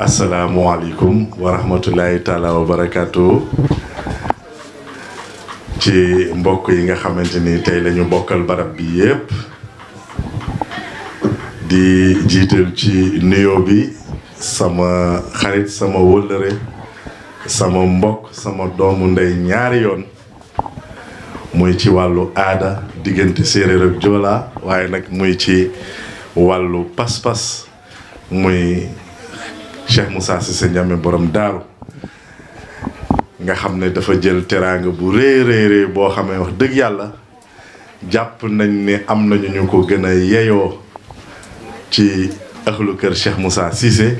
wax asalaamualeykum wa rahmatulahi taala ci mbokk yi nga xamante ni tey lañu ñu bokkal barab bi yépp di jiital ci nuyoo bi sama xarit sama wëllëre sama mbokk sama doomu ndey ñaari yoon muy ci wàllu aada diggante séeréer ak joola waaye nag muy ci wàllu pas-pas muy Cheikh mussa Cissé Ndiamé borom daaru nga xam ne dafa jël teraanga bu rëy rëy rëy boo xamee wax dëgg yàlla jàpp nañ ne am nañu ñu ko gën a yeyoo ci ëxlu kër Cheikh Moussa siise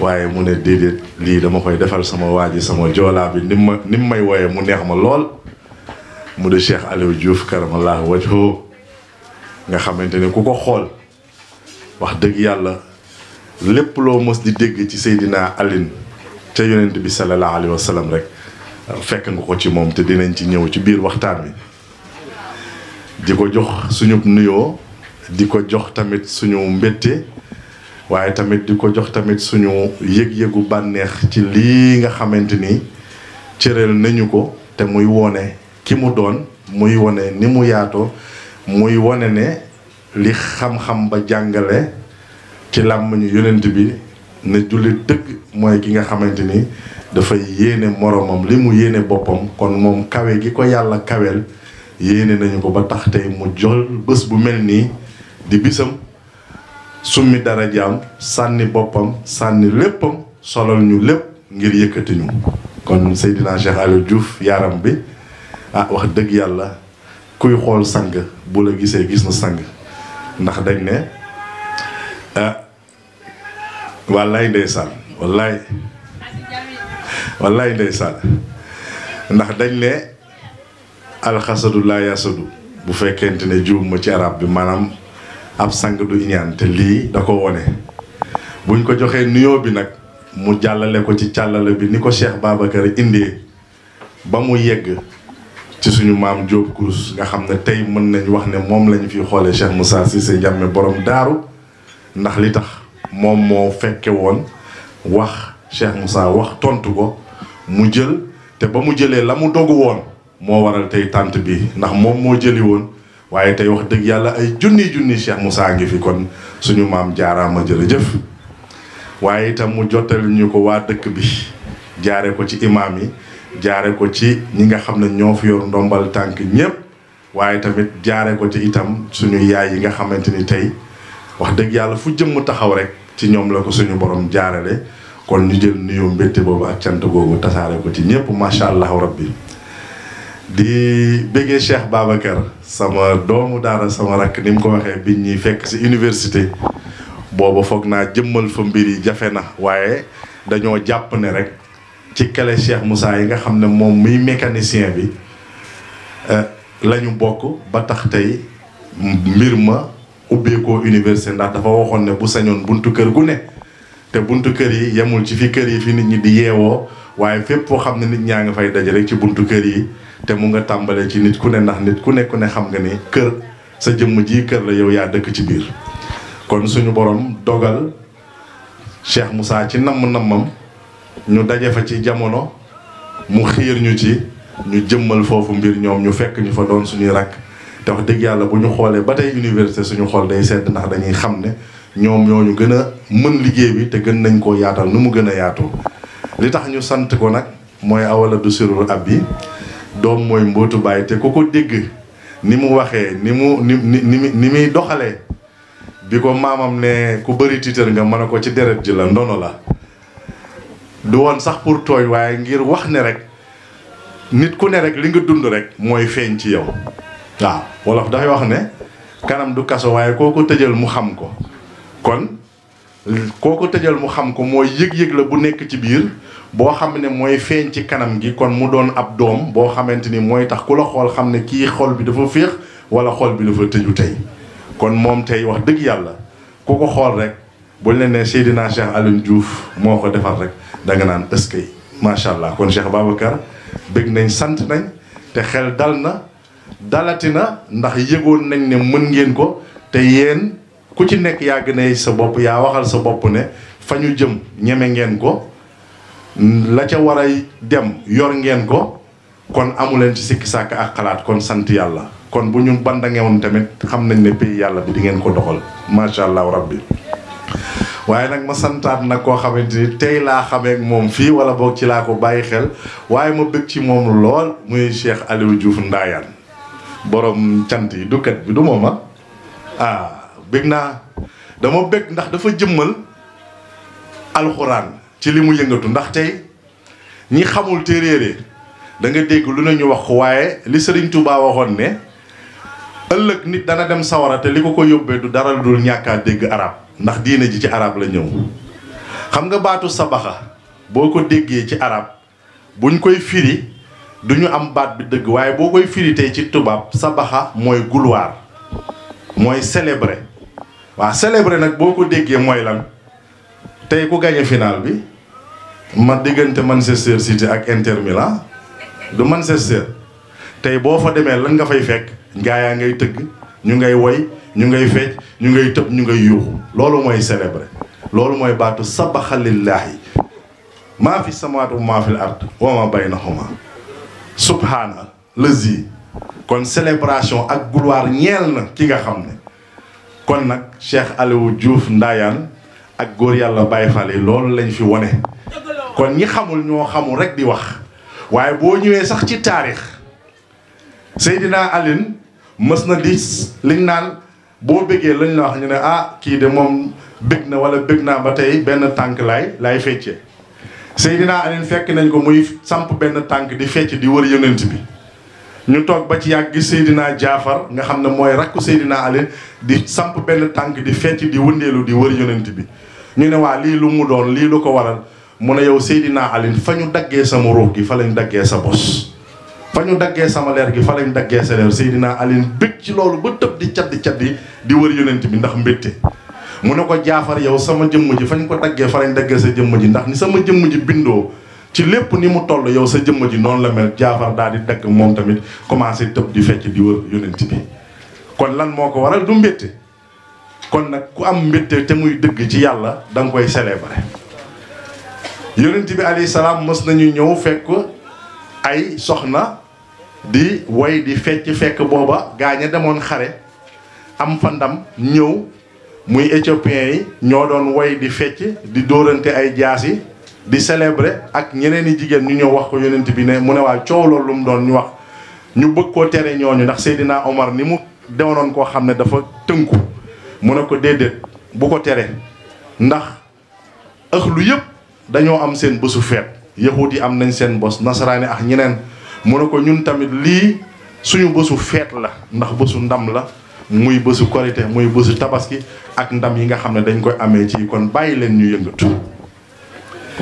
waaye mu ne déedéet lii dama koy defal sama waa ji sama joolaa bi ni ma ni may wooyee mu neex ma lool mu de Cheikh Aliou Diouf karamallahu wajhu nga xamante ne ku ko xool wax dëgg yàlla lépp loo mos di dégg ci Seydina alin te yonent bi sallallahu alayhi rek fekk nga ko ci moom te dinañ ci ñëw ci biir waxtaan wi di ko jox suñu nuyoo di ko jox tamit suñu mbette waaye tamit di ko jox tamit suñu yëg-yëgu bànneex ci lii nga xamante ni cëral nañu ko te muy wone ki mu doon muy wone ni mu yaatoo muy wone ne li xam-xam ba jàngale ci làmmiñu yonent bi ne jullit dëgg mooy gi nga xamante ni dafay yéene moroomam li mu yéene boppam kon moom kawe gi ko yàlla kawel yéene nañu ko ba tax tey mu jol bés bu mel nii di bisam summi dara jaam sànni boppam sànni léppam solal ñu lépp ngir yëkkati ñu kon Seydina Cheikh juuf Diouf bi ah wax dëgg yàlla kuy xool sang bu la gisee gis na sang ndax dañ ne ah wallaay ndeysaan wallaay wallaay ndeysaan ndax dañ ne alxasadu laa yasadu bu fekkente ne juum ma ci araab bi maanaam ab sang du iñaan te lii da ko wone buñ ko joxee nuyoo bi nag mu jàllale ko ci càllale bi ni ko Cheikh Babacar indee ba mu yegg ci suñu maam Diop Kous nga xam ne tey mën nañ wax ne moom lañu fi xoolee Cheikh Moussa Cissé Ndiamé borom daaru ndax li tax moom moo fekke woon wax Cheikh Moussa wax tontu ko mu jël te ba mu jëlee la mu dogu woon moo waral tey tànt bi ndax moom moo jëli woon waaye tey wax dëgg yàlla ay junni junni Cheikh Moussa ngi fi kon suñu maam jaaraama jërëjëf waaye itam mu jottali ñu ko waa dëkk bi jaare ko ci imaam yi jaare ko ci ñi nga xam ne ñoo fi yor ndombal tànk ñépp waaye tamit jaare ko ci itam suñu yaay yi nga xamante ni tey wax deug yalla fu jëm taxaw rek ci ñom la ko suñu borom jaarale kon ñu jël nuyu mbétte bobu ak cant gogu tassale ko ci ma sha Allah rabbi di bëggee Cheikh Babacar sama doomu dara sama rak nim ko waxe biñ ñi fekk ci université bobu fokk na jëmmal fa mbir yi jafe na waaye dañoo jàpp ne rek ci kale Cheikh Moussa yi nga xam mom muy mécanicien bi eh, lañu bokk ba tax tay mbir ma ubbeekoo université ndax dafa waxoon ne bu sañoon buntu kër gu ne te buntu kër yi yemul ci fi kër yi fi nit ñi di yeewoo waaye fépp foo xam ne nit ñaa nga fay daje rek ci buntu kër yi te mu nga tàmbalee ci nit ku ne ndax nit ku ne ku ne xam nga ni kër sa jëmm ji kër la yow yaa dëkk ci biir kon suñu borom dogal Cheikh Moussa ci namm-nammam ñu daje fa ci jamono mu xiir ñu ci ñu jëmmal foofu mbir ñoom ñu fekk ñu fa doon suñuy rakk te wax dëgg yàlla bu ñu xoolee ba tey université suñu xool day sedd ndax dañuy xam ne ñoom ñoo ñu gën a mën liggéey bi te gën nañ koo yaatal nu mu gën a yaatoo li tax ñu sant ko nag mooy awala du sirul ab bi doom mooy mbootu bàyyi te ku ko dégg ni mu waxee ni mu ni ni ni muy doxalee bi ko maamam ne ku bari tiitër nga mën a ko ci deret ji la ndono la du woon sax pour tooy waaye ngir wax ne rek nit ku ne rek li nga dund rek mooy feeñ ci yow waaw wolof dafay wax ne kanam du kaso waaye koo ko tëjal mu xam ko kon koo ko tëjal mu xam ko mooy yëg-yëg la bu nekk ci biir boo xam ne mooy feeñ ci kanam gi kon mu doon ab doom boo xamante ni mooy tax ku la xool xam ne kii xol bi dafa féex wala xol bi dafa tëju tey kon moom tey wax dëgg yàlla ku ko xool rek buñ leen nee Seydina Cheikh Alioune Diouf moo ko defar rek danga naan ëskay macha allah kon Cheikh Babacar bëgg nañ sant nañ te xel dal na. dalati na ndax yëgoon nañ ne mën ngeen ko te yéen ku ci nekk yaa gën a sa bopp yaa waxal sa bopp ne fa ñu jëm ñeme ngeen ko la ca war a dem yor ngeen ko kon amuleen ci sikki sàkk ak xalaat kon sant yàlla kon bu ñu bandangewoon tamit xam nañ ne pays yàlla bi di ngeen ko doxal macha allah rabbi waaye nag ma santaat nag koo xamante tey laa xamee ak moom fii wala boog ci laa ko bàyyi xel waaye ma bëgg ci moom lool muy Cheikh Aliou Diouf ndaayaan borom cant yi du kat bi du moom ah, ah bëgg naa dama bëgg ndax dafa jëmmal alxuraan ci li mu yëngatu ndax tey ñi xamul te réere danga nga dégg lu ne ñu wax waaye li Serigne Touba waxoon ne ëllëg nit dana dem sawara te li ko ko yóbbee du dara dul ñàkkaa dégg arab ndax diine ji ci arab la ñëw xam nga baatu sabaxa boo ko déggee ci arab buñ koy firi du ñu am baat bi dëgg waaye boo koy firitee ci tubaab sabaxa mooy gulwaar mooy célébrer waa célébrer nag boo ko déggee mooy lan tey ku gagné final bi ma diggante Manchester City ak Inter Milan du Manchester tey boo fa demee lan nga fay fekk gaa yaa ngay tëgg ñu ngay woy ñu ngay fecc ñu ngay tëb ñu ngay yuuxu loolu mooy célébrer loolu mooy baatu sabaxa lillaahi maa fi samaatu maa fi ard wa ma subhaana lazi kon célébration ak gloire ñeel na ki nga xam ne kon nag Cheikh Aliou Diouf Ndayane ak góor yàlla Baye Fall loolu lañ fi wone kon ñi xamul ñoo xamul rek di wax waaye boo ñëwee sax ci taarix Seydina Aline mës na di liñ naan boo bëggee lañ la wax ñu ne ah kii de moom bëgg na wala bëgg naa ba tey benn tànk laay laay fecce Seydina Alioune fekk nañ ko muy samp benn tànk di fecc di wër yonent bi ñu toog ba ci yàgg gis Seydina Jaafar nga xam ne mooy rakku Seydina Alioune di samp benn tànk di fecc di wëndeelu di wër yonent bi ñu ne waa lii lu mu doon lii lu ko waral mu ne yow Seydina Alioune fa ñu daggee sama ruux gi fa lañ daggee sa bos fa ñu daggee sama leer gi fa lañ daggee sa leer Seydina alin bëgg ci loolu ba tëb di caddi caddi di wër yonent bi ndax mbétte mu ne ko jaafar yow sama jëmm ji fañ ko daggee fa lañ daggee sa jëmm ji ndax ni sama jëmm ji bindoo ci lépp ni mu toll yow sa jëmm ji noonu la mel jaafar daal di dagg moom tamit commencé tëb di fecc di wër yonent bi kon lan moo ko waral du kon nag ku am mbétte te muy ci yàlla da koy célébrer yonent bi alayhi salaam mës nañu ñëw fekk ay soxna di way di fecc fekk booba gaaña demoon xare am fa ndam ñëw muy éthiopiens yi ñoo doon woy di fecc di dóorante ay jaas yi di selebre ak ñeneen i jigéen ñu ñëw wax ko yonent bi ne mu ne waa coow loolu mu doon ñu wax ñu bëgg koo tere ñooñu ndax Seydina Omar ni mu doonoon koo xam ne dafa tënku mu ne ko déedéet bu ko tere ndax ëxlu yëpp dañoo am seen bësu feet yahuut yi am nañ seen bos nasaraani ak ñeneen mu ne ko ñun tamit lii suñu bësu feet la ndax bësu ndam la muy bésu korité muy bésu tabaski ak ndam yi nga xam ne dañ koy amee ci kon bàyyi leen ñu yëngatu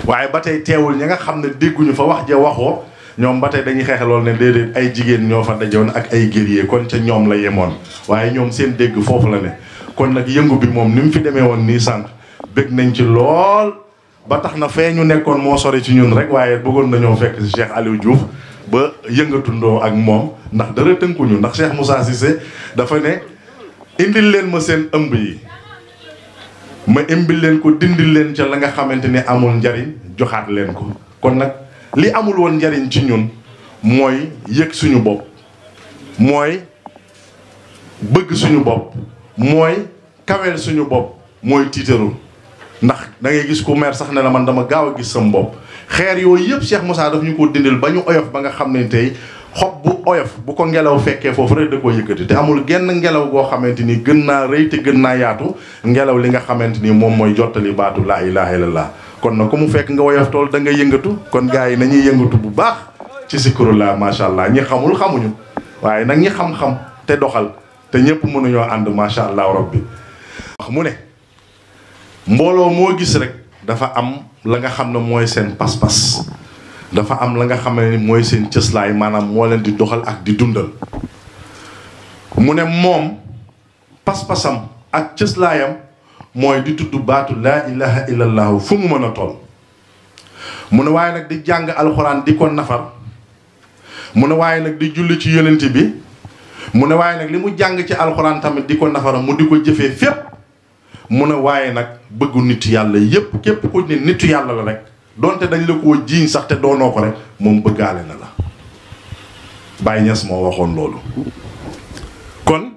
waaye ba tey teewul ñi nga xam ne dégguñu fa wax ja waxoo ñoom ba tey dañuy xeexe lool ne déedéet ay jigéen ñoo fa dajoon ak ay guerrier kon ca ñoom la yemoon waaye ñoom seen dégg foofu la ne kon nag yëngu bi moom ni mu fi demee woon nii sànq bëgg nañ ci lool ba tax na fee ñu nekkoon moo sori ci ñun rek waaye bëggoon nañoo fekk si Cheikh Aliou Diouf ba yëngatundoo ak moom ndax dara tënkuñu ndax Cheikh Moussa Cissé dafa ne indil leen ma seen ëmb yi ma imbil leen ko dindil leen ca la nga xamante ni amul njariñ joxaat leen ko kon nag li amul woon njariñ ci ñun mooy yëg suñu bopp mooy bëgg suñu bopp mooy kawel suñu bopp mooy tiitaru ndax dangay gis ku mer sax ne la man dama gaaw a gis sam bopp xeer yooyu yëpp Cheikh Moussa daf ñu ko dindil ba ñu oyof ba nga xam ne tey xob bu oyof bu ko ngelaw fekkee foofu rek da koo yëkkati te amul genn ngelaw goo xamante ni gën naa rëy te gën naa yaatu ngelaw li nga xamante ni moom mooy jottali baatu laa ilaha laa kon na ko mu fekk nga woyof tool da nga yëngatu kon gars yi nañuy yëngatu bu baax ci sikurullah macha allah ñi xamul xamuñu waaye nag ñi xam-xam te doxal te ñëpp mënuñoo ànd macha allah rabbi wax mu ne mbooloo moo gis rek dafa am la nga xam ne mooy seen pas-pas dafa am la nga xam ne mooy seen cëslaay maanaam moo leen di doxal ak di dundal mu ne moom pas-pasam ak cëslaayam mooy di tudd baatu laa ilaha illallahu fu mu mën a toll mu ne waaye nag di jàng alxuraan di ko nafar mu ne nag di julli ci yonent bi mu ne nag li mu jàng ci alxuraan tamit di ko nafara mu di jëfee mu ne waaye nag bëggu nitu yàlla yépp képp ku ne nitu yàlla la rek donte dañ la koo jiiñ sax te doonoo ko rek moom bëggaale na la Baye Niass moo waxoon loolu kon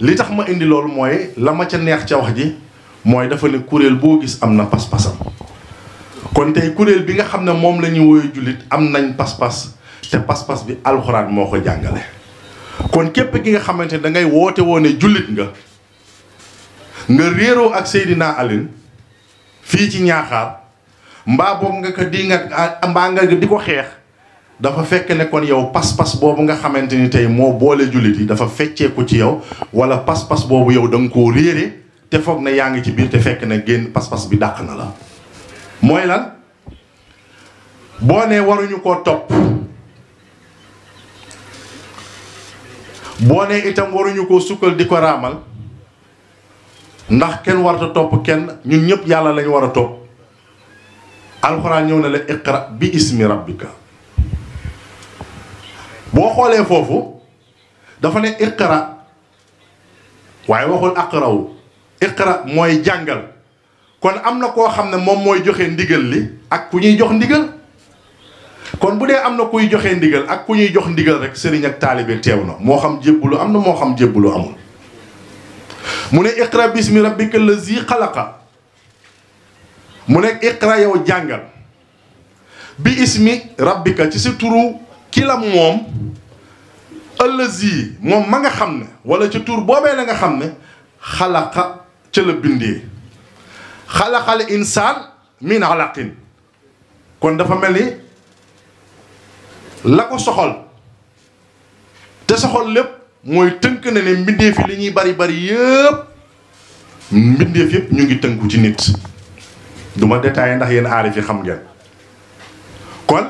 li tax ma indi lool mooy la ma ca neex ca wax ji mooy dafa ne kuréel boo gis am na pas-pasam kon tey kuréel bi nga xam ne moom lañuy ñuy woowee jullit am nañ pas-pas te pas-pas bi alxuraan moo ko jàngale kon képp ki nga xamante ne da ngay woote woone jullit nga nga réeroo ak dinaa alin fii ci Ñaaxaar mba boobu nga ko di nga ah, mba nga di ko xex dafa fekk ne kon yow pas-pas bobu nga xamanteni tay mo moo boole jullit yi dafa fecceeku ci yow wala pas-pas bobu yow da ko koo te foog na yaangi ci bir te fekk na génn pas-pas bi dak na la moy lan boo nee waruñu ko top boo nee itam waruñu ko sukkal di ko raamal ndax ken warta top ken ñun ñep yalla lañu wara top alxuraan ñëw na la iqra bi ismi rabbika boo xoolee foofu dafa ne iqra waaye waxul aqrawu iqra mooy jàngal kon am na koo xam ne moom mooy joxe ndigal li ak ku ñuy jox ndigal kon bu dee am na kuy joxe ndigal ak ku ñuy jox ndigal rek sëriñ ak taalibe teew na moo xam jébbalu am na moo xam jébbalu amul mu ne iqra bismi rabbika lazi xalaqa mu nekk iqra yow jàngal bi ismi rabbika ci sa turu ki la moom ëllëzi moom ma nga xam ne wala ci tur boobee la nga xam ne xalaqa ca la bindee xalaqal insaan min alaqin kon dafa mel ni la ko soxol te soxol lépp mooy tënk na ne mbindeef yi li ñuy bari bari yëpp mbindeef yëpp ñu ngi tënku ci nit duma detaay ndax yéen aarif yi xam ngeen kon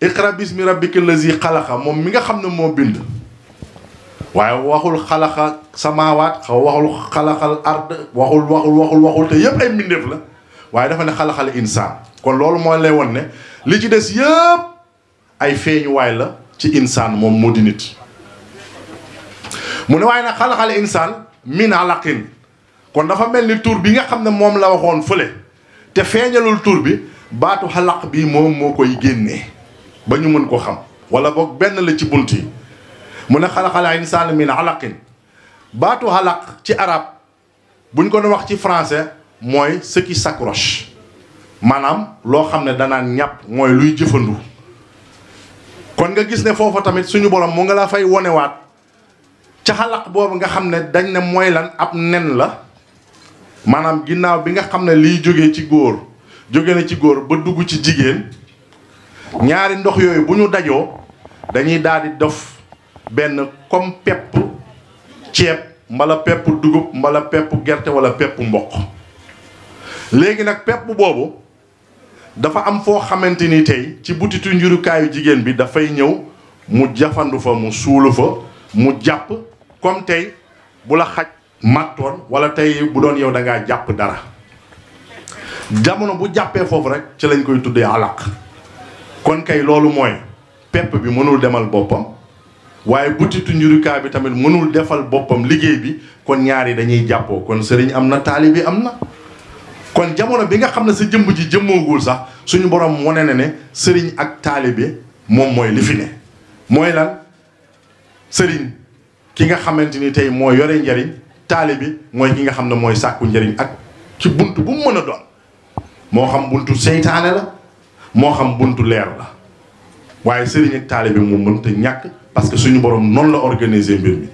iqra bismi rabbikal ladhi khalaqa mom mi nga xamne mo bind waye waxul khalaqa samawat xaw waxul khalaqal ard waxul waxul waxul waxul te yeb ay mindef la waye dafa ne khalaqal insaan kon lolou mo lay won ne li ci dess yeb ay feñu way la ci insaan mom modi nit mu ne waaye na khalaqal insaan min alaqin kon dafa melni tour bi nga xamne mom la waxoon fële te feeñalul tuur bi baatu xalaq bii moom moo koy génnee ba ñu mën ko xam wala boog benn la ci bunt yi mu ne xalaqal insaana min alaqin baatu xalaq ci arab buñ ko doon wax ci français mooy ce qui s'accroche maanaam loo xam ne danaan ñàpp mooy luy jëfandu kon nga gis ne foofa tamit suñu borom mu nga la fay wonewaat ca xalak boobu nga xam ne dañ ne mooy lan ab nen la maanaam ginnaaw bi nga xam ne liy jóge ci góor jóge na ci góor ba dugg ci jigéen ñaari ndox yooyu bu ñu dajoo dañuy daal di def benn comme pepp ceeb mbala pepp dugub mbala pepp gerte wala pepp mboq léegi nag pepp boobu dafa am foo xamante ni tey ci butitu njurukaayu jigéen bi dafay ñëw mu jafandu fa mu suulu fa mu jàpp comme tey bu la xaj màttoon wala tey bu doon yow dangaa jàpp dara jamono bu jàppee foofu rek ci lañ koy tuddee alaq kon kay loolu mooy pepp bi mënul demal boppam waaye butitu njurukaay bi tamit mënul defal boppam liggéey bi kon ñaari dañuy jàppoo kon sëriñ am na taalibi am na kon jamono bi nga xam ne si jëmm ji jëmmoogul sax suñu borom wone na ne sëriñ ak taalibi moom mooy li fi mooy lan sëriñ ki nga xamante ni tey moo yore njariñ bi mooy ki nga xam ne mooy sàkku njëriñ ak ci bunt bu mu mën a doon moo xam buntu seytaane la moo xam buntu leer la waaye sëriñ ak bi mu mënta ñàkk parce que suñu borom noonu la organiser mbir mi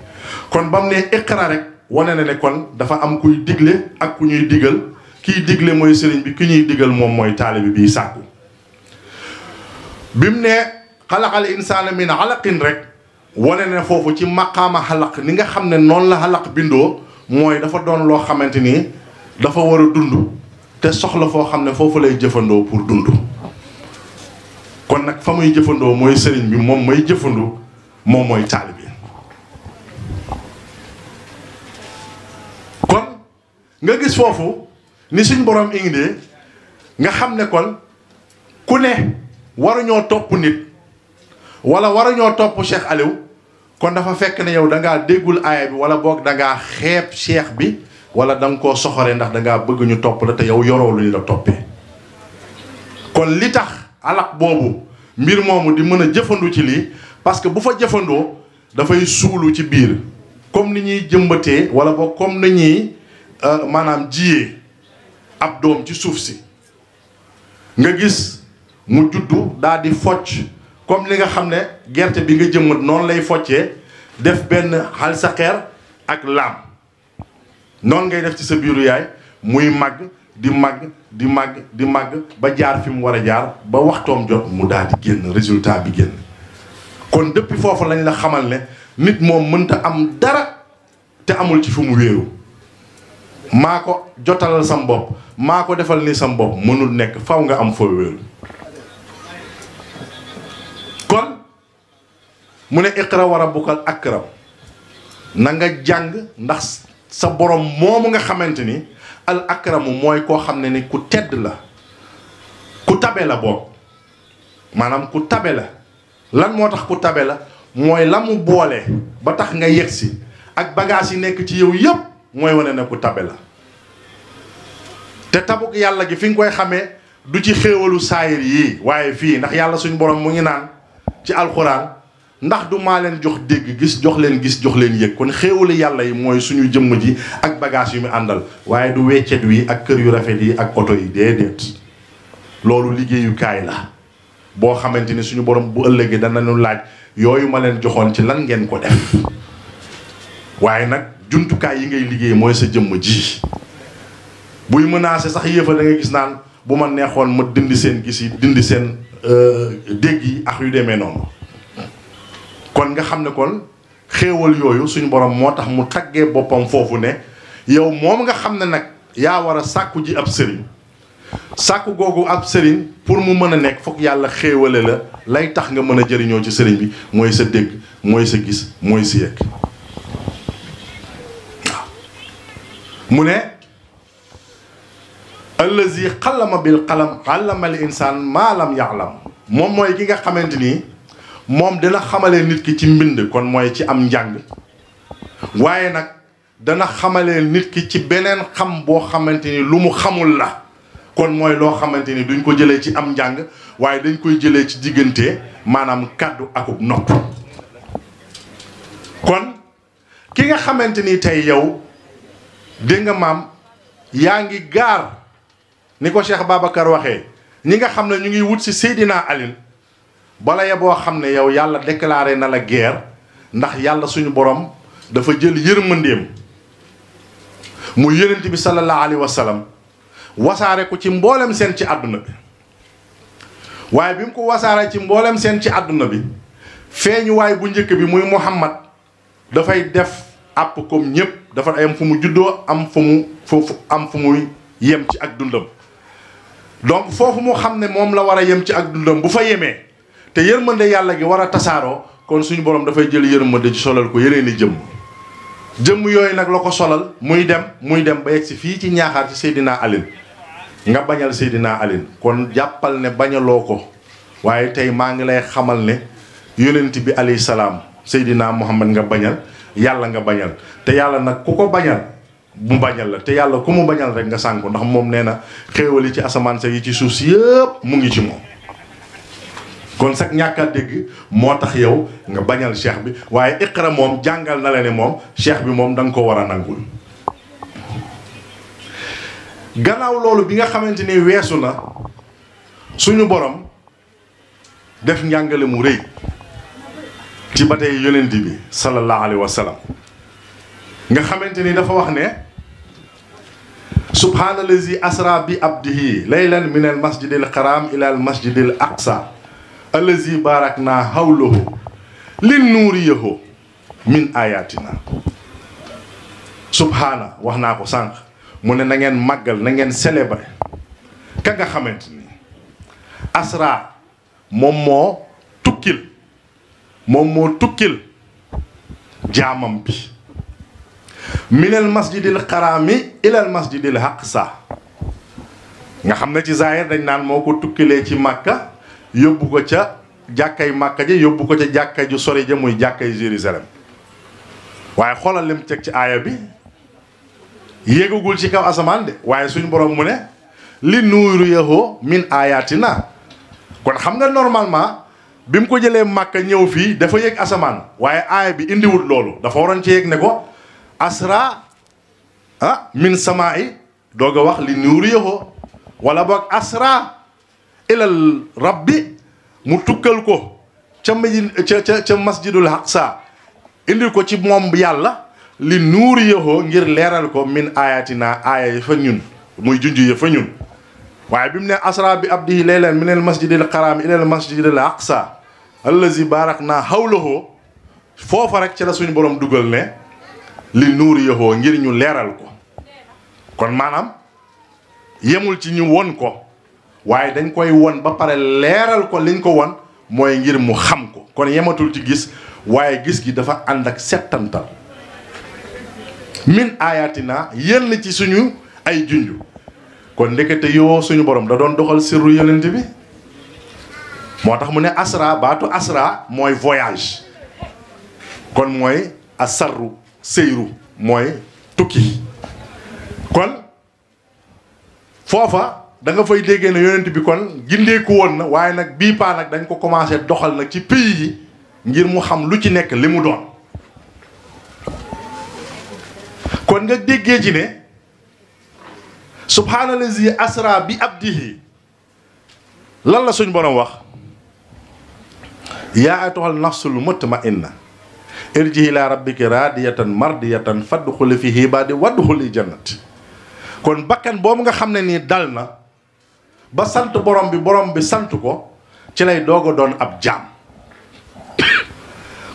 kon ba mu ne iqra rek wane la ne kon dafa am kuy digle ak ku ñuy digal kiy digle mooy sëriñ bi ki ñuy digal moom mooy taalibi bii sàkku bi mu ne xalaqal insaana min alaqin rek wane ne foofu ci maqaama xalaq ni nga xam ne noonu la xalaq bindoo mooy dafa doon loo xamante ni dafa war a dund te soxla foo xam ne foofu lay jëfandoo pour dund kon nag fa muy jëfandoo mooy sëriñ bi moom may jëfandu moom mooy bi kon nga gis foofu ni suñ borom indee nga xam ne kon ku ne waruñoo topp nit wala waruñoo topp Cheikh Aliou kon dafa fekk ne yow dangaa déggul aaya bi wala boog dangaa ngaa xeeb bi wala da nga koo soxoree ndax da ngaa bëgg ñu topp la te yow yoroo lu ñu la toppee. kon li tax alaq boobu mbir moomu di mën a jëfandu ci lii parce que bu fa jëfandoo dafay suulu ci biir comme ni ñuy jëmbatee wala boog comme ni ñuy euh, maanaam jiyee ab doom ci suuf si nga gis mu juddu daal di focc. comme li nga xam ne gerte bi nga jëmmat noonu lay foccee def benn xal ak laam noonu ngay def ci sa biiru yaay muy màgg di màgg di màgg di màgg ba jaar fi mu war a jaar ba waxtoom jot mu daal génn résultat bi génn kon dëppi foofu lañ la xamal ne nit moom mënta am dara te amul ci fu mu wéeru maa ko jotalal sa bopp maa ko defal ni sa bopp mënul nekk faw nga am foo wéeru mu ne iqra wa rabbukal akram na nga jàng ndax sa borom moomu nga xamante ni al akramu mooy koo xam ne ni ku tedd la ku tabe la boog maanaam ku tabe la lan moo tax ku tabe la mooy la mu boole ba tax nga yëg si ak bagage yi nekk ci yow yëpp mooy wane ne ku tabe la te tabuk yàlla gi fi nga koy xamee du ci xéewalu saayir yii waaye fii ndax yàlla suñ borom mu ngi naan ci alxuraan ndax du maa leen jox dégg gis jox leen gis jox leen yëg kon xéewalu yàlla yi mooy suñu jëmm ji ak bagage yu mu àndal waaye du weccet wi ak kër yu rafet yi ak oto yi déedéet loolu liggéeyukaay la boo xamante ni suñu borom bu ëllëgee danañu laaj yooyu ma leen joxoon ci lan ngeen ko def waaye nag jumtukaay yi ngay liggéey mooy sa jëmm ji buy menacé sax yëfa da nga gis naan bu ma neexoon ma dindi seen gis yi dindi seen euh, dégg yi ak yu demee noonu kon nga xamne kon xewal yoyu suñu borom motax mu tagge bopam fofu ne yow mom nga xamne nak ya wara sàkku ji ab serigne sàkku googu ab serigne pour mu meuna nek fokk yàlla xewale la lay tax nga meuna jeriño ci serigne bi moy sa deg moy sa gis moy si yek mune mu ne allazi xalama bil xalam xalama al insaan maalam yaalam moom mooy ki nga xamante moom dina xamale nit ki ci mbind kon mooy ci am njàng waaye nag dana xamale nit ki ci beneen xam boo xamante ni lu mu xamul la kon mooy loo xamante ni duñ ko jëlee ci am njàng waaye dañ koy jëlee ci diggante maanaam kàddu akub nopp kon ki nga xamante ni tey yow dégg nga maam yaa ngi gaar ni ko Cheikh baabakar waxee ñi nga xam ne ñu ngi wut si Seydina Alin balaya bo xamne yow yàlla déclarer na la guerre ndax yàlla suñu borom dafa jël yërmandem mu yonent bi sallallahu alayhi wasallam wasare ko ci mbolam sen ci aduna bi waye bimu ko wasare ci mbolam sen ci aduna bi feñu way bu ñëk bi muy Muhammad da fay def àpp comme ñépp fa am fu mu juddo am fu mu foofu am fu muy yem ci ak dundam donc fofu mu xamne mom la wara yem ci ak dundam bu fa yemee te yermande yalla gi wara tasaro kon suñu borom fay jël yermande ci solal ko yeneen i jëm jëmm nak nag la solal muy dem muy dem ba yexi si ci ñaaxar ci sayidina Alin nga bañal sayidina Alin kon jappal ne bañaloo ko waaye tey maa ngi lay xamal ne yonent bi ali salam sayidina Muhammad nga bañal yalla nga bañal te yalla nak kuko bañal bu bañal la te yalla kumu bañal rek nga sanku ndax mom neena na ci asaman sa yi ci suuf yeb mu ngi ci mom kon sax ñàkk a dégg moo tax yow nga bañal cheikh bi waaye iqra moom jàngal na la ne moom cheikh bi moom danga nga ko war a nangul gannaaw loolu bi nga xamante ni weesu na suñu borom def njàngale mu rëy ci ba tey yonent bi sallallahu alayhi wa sallam nga xamante ni dafa wax ne subhaanallazi asra bi abdihi laylan min al masjidil haram ila al masjidil aqsa allazi barak naa hawlahu lin nuuri yahu min ayatina subhaana wax naa ko sànq mu ne nangeen ngeen màggal na ngeen célébrer ka nga xamant ni asra moom moo tukkil moom moo tukkil jaamam bi minal masjidil xaraami ilal masjidil haqsa nga xam na ci zaahir dañ naan moo ko tukkilee ci màkka yóbbu ko ca jàkkay màkka ja yóbbu ko ca jàkka ju sori ja muy jàkkay Jérusalem waaye xoolal lim teg ci aaya bi yéegagul ci kaw asamaan de waaye suñ boroom mu ne li nuuru yahoo min na kon xam nga normalement bi mu ko jëlee màkka ñëw fii dafa yéeg asamaan waaye aaya bi indiwut loolu dafa waroon ci yéeg ne ko asra ah min samaa yi a wax li nuuru yahoo wala boog asra ilal rabbi mu tukkal ko ca majin ca ca ca masjidul aqsa indi ko ci moom yàlla li nuuri yahoo ngir leeral ko min ayatina aaya ya fa ñun muy junj ya fa ñun waaye bi mu ne asra bi abdihi laylan mi al masjidil xaraam ilal masjidil aqsa allazi baarak naa hawlahoo foofa rek ci la suñu borom dugal ne li nuuri yahoo ngir ñu leeral ko kon maanaam yemul ci ñu won ko waaye dañ koy won ba pare leeral ko liñ ko won mooy ngir mu xam ko kon yematul ci gis waaye gis gi dafa ànd ak settantal min ayatina yenn ci suñu ay junju kon ndekete yoo suñu borom da doon doxal sirru yonent bi moo tax mu ne asra baatu asra mooy voyage kon mooy asarru seyru mooy tukki kon foofa danga nga fay déggee na yonent bi kon gindeeku woon na waaye nag bii paa dañ ko commencé doxal nag ci pays yi ngir mu xam lu ci nekk li mu doon kon nga déggee ci ne subhaanallazi asra bi abdihi lan la suñ borom wax yaa ayyatuhal nafsul mutma'inna irji ila rabbiki radiyatan mardiyatan fadxuli fi ibaadi wadxuli jannat kon bakkan boobu nga xam ne nii dal na ba sant borom bi borom bi sant ko ci lay doog a doon ab jaam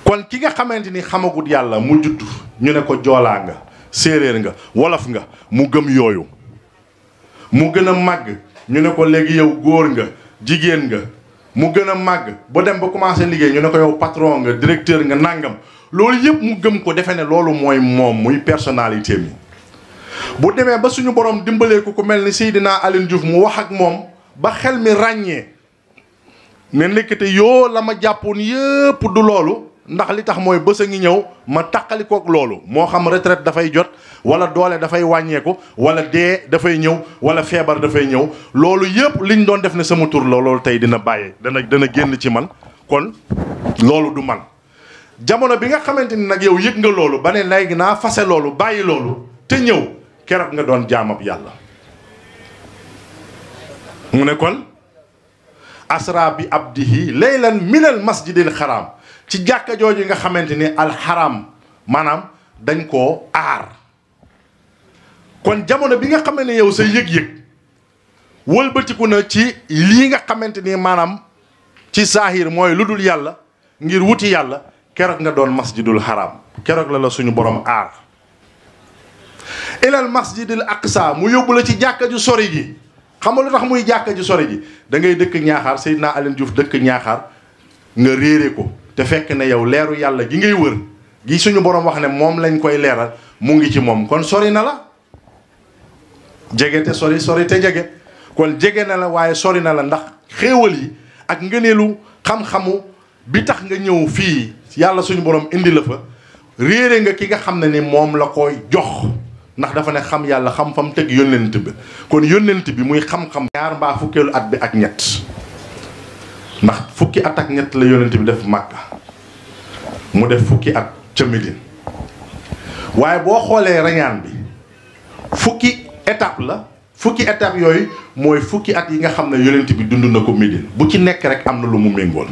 kon ki nga xamante ni xamagut yàlla mu judd ñu ne ko joolaa nga séeréer nga wolof nga mu gëm yooyu mu gën a màgg ñu ne ko léegi yow góor nga jigéen nga mu gën a màgg ba dem ba commencé liggéey ñu ne ko yow patron nga directeur nga nàngam loolu yëpp mu gëm ko defe ne loolu mooy moom muy personnalité mi bu demee ba suñu borom dimbalee ko ku mel ni Seydina Alioune Diouf mu wax ak moom ba xel mi ràññee ne nekkate yoo la ma jàppoon yépp du loolu ndax li tax mooy bés a ngi ñëw ma taqali kook loolu moo xam retraite dafay jot wala doole dafay wàññeeku wala dee dafay ñëw wala feebar dafay ñëw loolu yépp liñ doon def ne sama tur la loolu tey dina bàyyee dana dana génn ci man kon loolu du man jamono bi nga xamante ni nag yow yëg nga loolu ba ne léegi naa fase loolu bàyyi loolu te ñëw keroog nga doon jaamab yàlla mu ne kon asra bi abdihi laylan minal masjidil xaraam ci jàkka jooju nga xamante ni alxaram maanaam dañ koo aar kon jamono bi nga xam ne yow sa yëg-yëg wëlbatiku na ci lii nga xamante ni maanaam ci saahir mooy lu dul yàlla ngir wuti yàlla keroog nga doon masjidul xaraam keroog la la suñu borom aar ilal masjidil aqsa mu yóbbu la ci jàkka ju sori ji xam nga lu tax muy jàkka ju sori ji dangay ngay dëkk ñaaxaar naa Alioune Diouf dëkk ñaaxaar nga réere ko te fekk ne yow leeru yàlla gi ngay wër gi suñu boroom wax ne moom lañ koy leeral mu ngi ci moom kon sori na la jege te sori sori te jege kon jege na la waaye sori na la ndax xéewal yi ak ngëneelu xam-xamu bi tax nga ñëw fii yàlla suñu boroom indi la fa réere nga ki nga xam ne ni moom la koy jox Nak dafa ne xam yalla xam fam tegg yonent bi kon yonent bi muy xam-xam ñaar ba fukkel at bi ak ñet ndax fukki at ak ñet la yonent bi def makka mu def fukki at ci medine waye bo xolé rañan bi fukki étape la fukki étape yoy moy fukki at yi nga xam ne bi dund na medine bu ci nek rek amna lu mu mengol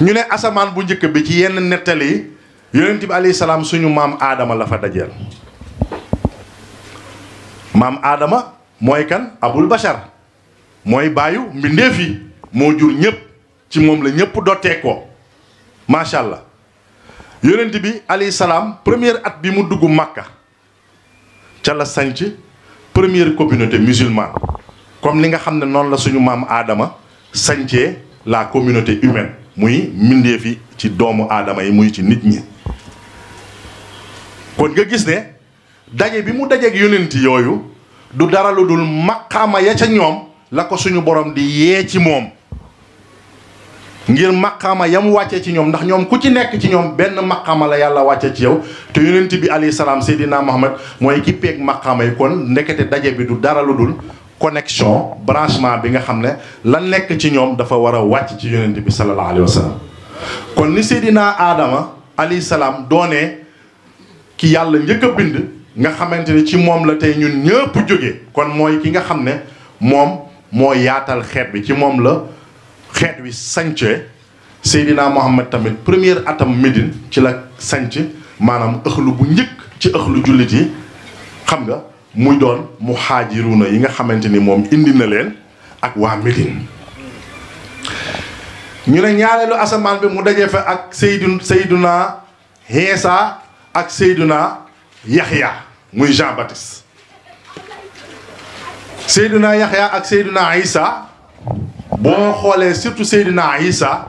ñu ne asaman bu ñëk bi ci yenn netali yonent bi alayhi salaam suñu mam la fa dajel maam aadama mooy kan abul bashar mooy baayu mbindeef yi moo jur ñépp ci moom la ñépp dottee ko macha allah yonent bi alayhi salaam première at bi mu dugg Makka ca la sanc première communauté musulmane comme li nga xam ne noonu la suñu maam aadama sancee la communauté humaine muy mbindeef yi ci doomu aadama yi muy ci nit ñi kon nga gis ne daje bi mu dajeeg yonent yooyu du dara lu dul ya ca ñoom la ko suñu borom di yee ci moom ngir ya mu wàccee ci ñoom ndax ñoom ku ci nekk ci ñoom benn maqaama la yàlla wàccee ci yow te yonent bi alayhi salaam seydina Muhammad mooy ki peeg maqaama yi kon ndekete daje bi du dara lu dul branchement bi nga xam ne la nekk ci ñoom dafa war a wàcc ci yonent bi sallallahu alayhi wa kon ni seydina Adama alayhi salaam doone ki yàlla njëkk a bind. nga xamante ni ci moom la tey ñun ñëpp jóge kon mooy ki nga xam ne moom moo yaatal xeet bi ci moom la xeet wi sañce Seydina Muhammad tamit première atam Médine ci la sañc maanaam ëxlu bu njëkk ci ëxlu jullit yi xam nga muy doon mu xaajiruuna yi nga xamante ni moom indi na leen ak waa Médine ñu ne ñaareelu asamaan bi mu dajee fa ak Seydu Seyduna Heesa ak Seyduna Yaxya muy Jean Baptiste Seydina Yaxya ak Seydina Isa boo xoolee surtout Seydina Isa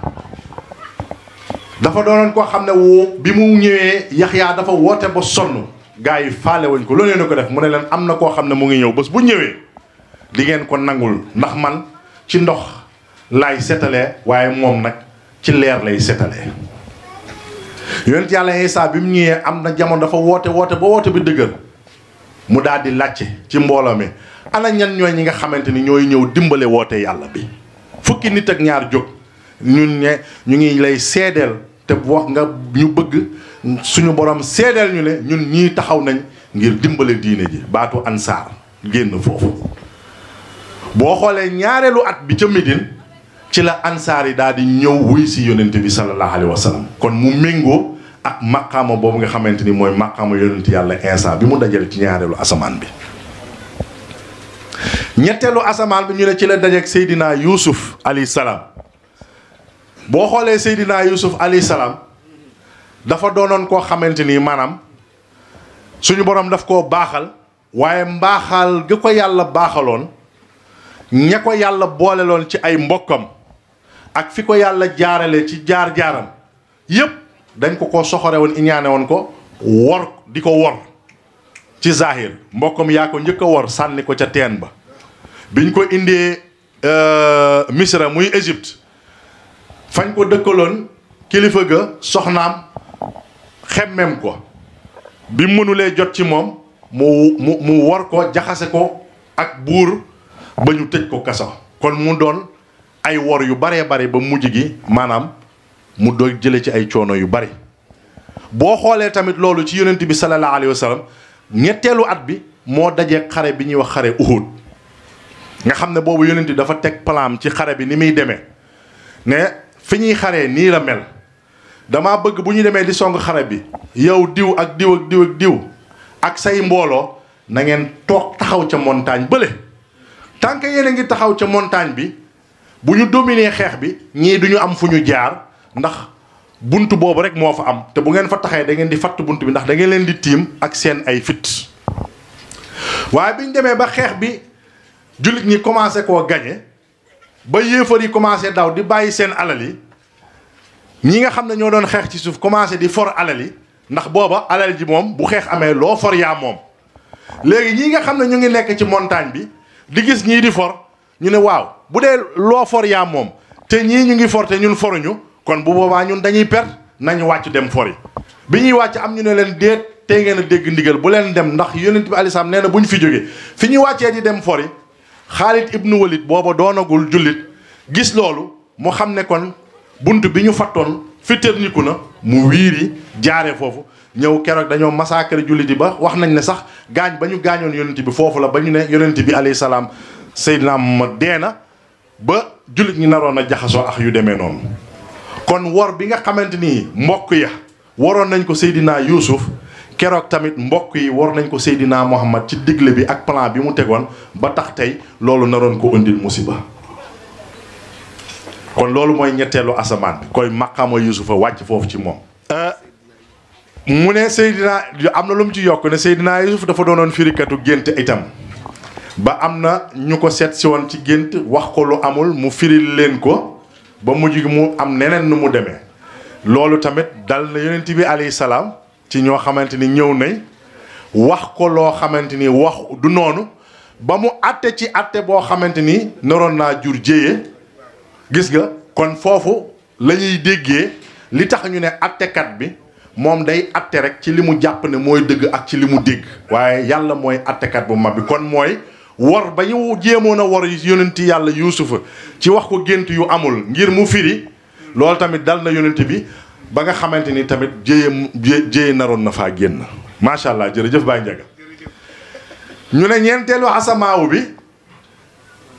dafa doonoon koo xam ne woo bi mu ñëwee yax Yaxya dafa woote ba sonn gars yi faale wuñ ko loolu leen ko def mu ne leen am na koo xam ne mu ngi ñëw bés bu ñëwee di ngeen ko nangul ndax man ci ndox laay setalee waaye moom nag ci leer lay setalee yonent yàlla Isa bi mu ñëwee am na jamono dafa woote woote ba woote bi dëgër mu daal di laajte ci mbooloo mi ana ñan ñooy ñi nga xamante ni ñooy ñëw dimbale woote yàlla bi fukki nit ak ñaar jóg ñun ne ñu ngi lay seedeel te wax nga ñu bëgg suñu boroom seedeel ñu ne ñun ñii taxaw nañ ngir dimbale diine ji baatu ansaar génn foofu boo xoolee ñaareelu at bi ca Médine ci la ansaar yi daal di ñëw wuy si yonent bi sallallahu alayhi wa kon mu méngoo ak maqaama boobu nga xamante ni mooy maqaama yonent yàlla instant bi mu dajale ci ñaareelu asamaan bi ñetteelu asamaan bi ñu ne ci la dajeeg Seydina Yuusuf alayhi salaam boo xoolee Seydina Yuusuf alayhi salaam dafa doonoon koo xamante ni maanaam suñu borom daf koo baaxal waaye mbaaxal gi ko yàlla baaxaloon ña ko yàlla booleloon ci ay mbokkam ak fi ko yàlla jaarale ci jaar-jaaram yépp dañ ko ko soxore woon iñaane woon ko wor di ko wor ci zahir mbokkam yaa ko njëkk a wor sànni ko ca teen ba biñ ko indee euh, misra muy Égypte fañ ko dëkkaloon kilifa ga soxnaam xemmeem ko bi mënulee jot ci moom mu mu mu war ko jaxase ko ak buur ba ñu tëj ko kaso kon mu doon ay wor yu baree bare ba mujj gi maanaam mu doy jele ci ay choono yu bari bo xoolee tamit lolu ci yonent bi sallallahu alaihi wasallam ñettelu at bi mo dajee xare bi ñi wax xare Uhud nga xam bobu boobu yonent dafa tek plan ci xare bi ni muy demee ne fiñi ñuy ni la mel dama bëgg bu ñu demee di song xare bi yow diw ak diw ak diw ak diw ak say mbolo na ngeen tok taxaw ci montagne beulé tanké que ngi taxaw ci montagne bi buñu ñu dominer bi ñi duñu am fuñu jaar ndax buntu bobu rek mo fa am te bu ngeen fa taxé da ngeen di fatt buntu bi ndax da ngeen leen di tim ak seen ay fit waye biñ démé ba xex bi julit ñi commencé ko gagné ba yéfer yi commencé daw di bayyi seen alali. ñi nga xamné ño doon xex ci suuf commencé di for alali. ndax boba alal ji mom bu xex amé lo for ya mom. légui ñi nga xamné ñu ngi nekk ci montagne bi di gis ñi di for ñu ne waw bu dé lo for ya mom. te ñi ñu ngi for té ñun foruñu kon bu boobaa ñun dañuy per nañ wàcc dem fori bi ñuy wàcc am ñu ne leen déet tey ngeen a dégg ndigal bu leen dem ndax yonent bi aleyhi salaam bu ñu fi jógee fi ñuy wàccee di dem fori Xaalid ibnu Walid booba doonagul jullit gis loolu mu xam ne kon bunt bi ñu fattoon fitërniku na mu wiiri jaare foofu ñëw keroog dañoo massacre jullit yi ba wax nañ ne sax gaañ ba ñu gaañoon yonent bi foofu la ba ñu ne yonent bi aleyhi salaam sayyidina Muhammad dee na ba jullit ñi naroon a jaxasoo ak yu demee noonu kon wor bi nga xamante ni mbokk ya waroon nañ ko Seydina Yuusuf keroog tamit mbokk yi war nañ ko Seydina Muhammad ci digle bi ak plan bi mu tegoon ba tax tey loolu naroon ko indil musiba kon loolu mooy ñetteelu asamaan bi koy maqaama Yuusufa wàcc foofu ci moom euh, mu ne Seydina am na lu mu ci yokk ne Seydina Yuusuf dafa doonoon firikatu gént itam ba am na ñu ko seet si woon ci gént wax ko lu amul mu firil leen ko ba mujj gi mu am neneen nu mu demee loolu tamit dal na yonent bi alayhi salaam ci ñoo xamante ni ñëw nañ wax ko loo xamante ni wax du noonu ba mu àtte ci àtte boo xamante ni naroon naa jur jéye gis nga kon foofu lañuy déggee li tax ñu ne àttekat bi moom day àtte rek ci li mu jàpp ne mooy dëgg ak ci li mu dégg waaye yàlla mooy àttekat bu mag bi kon mooy wor ba ñu jéemoon a wor yonenti yàlla yuusufa ci wax ko gént yu amul ngir mu firi loolu tamit dal na yonent bi ba nga xamante ni tamit jéye jéye naroon nafaa faa génn macha allah jërëjëf Baye Ndiaga ñu ne ñeenteelu asamaaw bi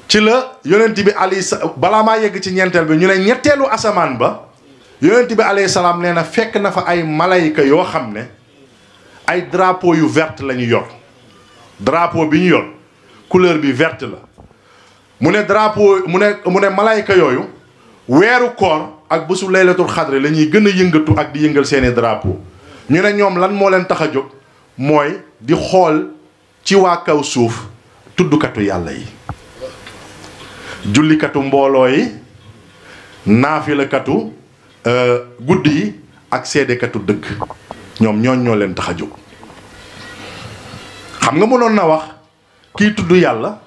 ci la yonent bi alayhi yegg ci ñeenteel bi ñu ne ñetteelu asamaan ba yonent bi alayhi salaam nee na fekk na fa ay malayka yoo xam ne ay drapo yu vert la ñu yor drapeau bi ñu yor couleur bi verte la mu ne drapo mu ne mu malayka yooyu weeru koor ak bésu laylatul xadre la ñuy gën a yëngatu ak di yëngal seeni drapeau ñu ne ñoom lan moo leen tax a jóg mooy di xool ci waa kaw suuf tuddukatu yàlla yi jullikatu mbooloo yi naafilakatu euh, guddi yi ak seedekatu dëkk ñoom ñooñ ñoo leen tax a jóg xam nga mënoon na wax kiy tudd yàlla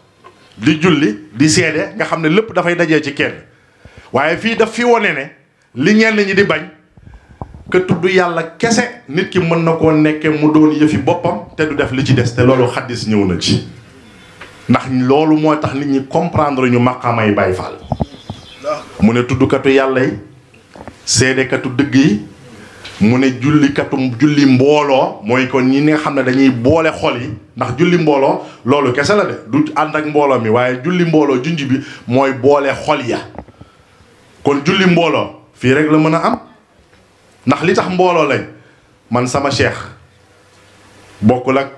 di julli di seede nga xam ne lépp dafay dajee ci kenn waaye fii daf fi wone ne li ñenn ñi di bañ ka tudd yàlla kese nit ki mën na koo nekke mu doon yëfi boppam te du def li ci des te loolu xaddis ñëw na ci ndax loolu moo tax nit ñi comprendre ñu maqaamay Baay Faal mu ne katu yàlla yi katu dëgg yi mune julli katum julli mbolo moy kon ñi nga xamne dañuy boole xol yi ndax julli mbolo lolu kessa la de du ànd ak mbolo mi waye julli mbolo junj bi moy boole xol ya kon julli mbolo fi rek la mëna am ndax li tax mbolo lañ man sama cheikh bokkul ak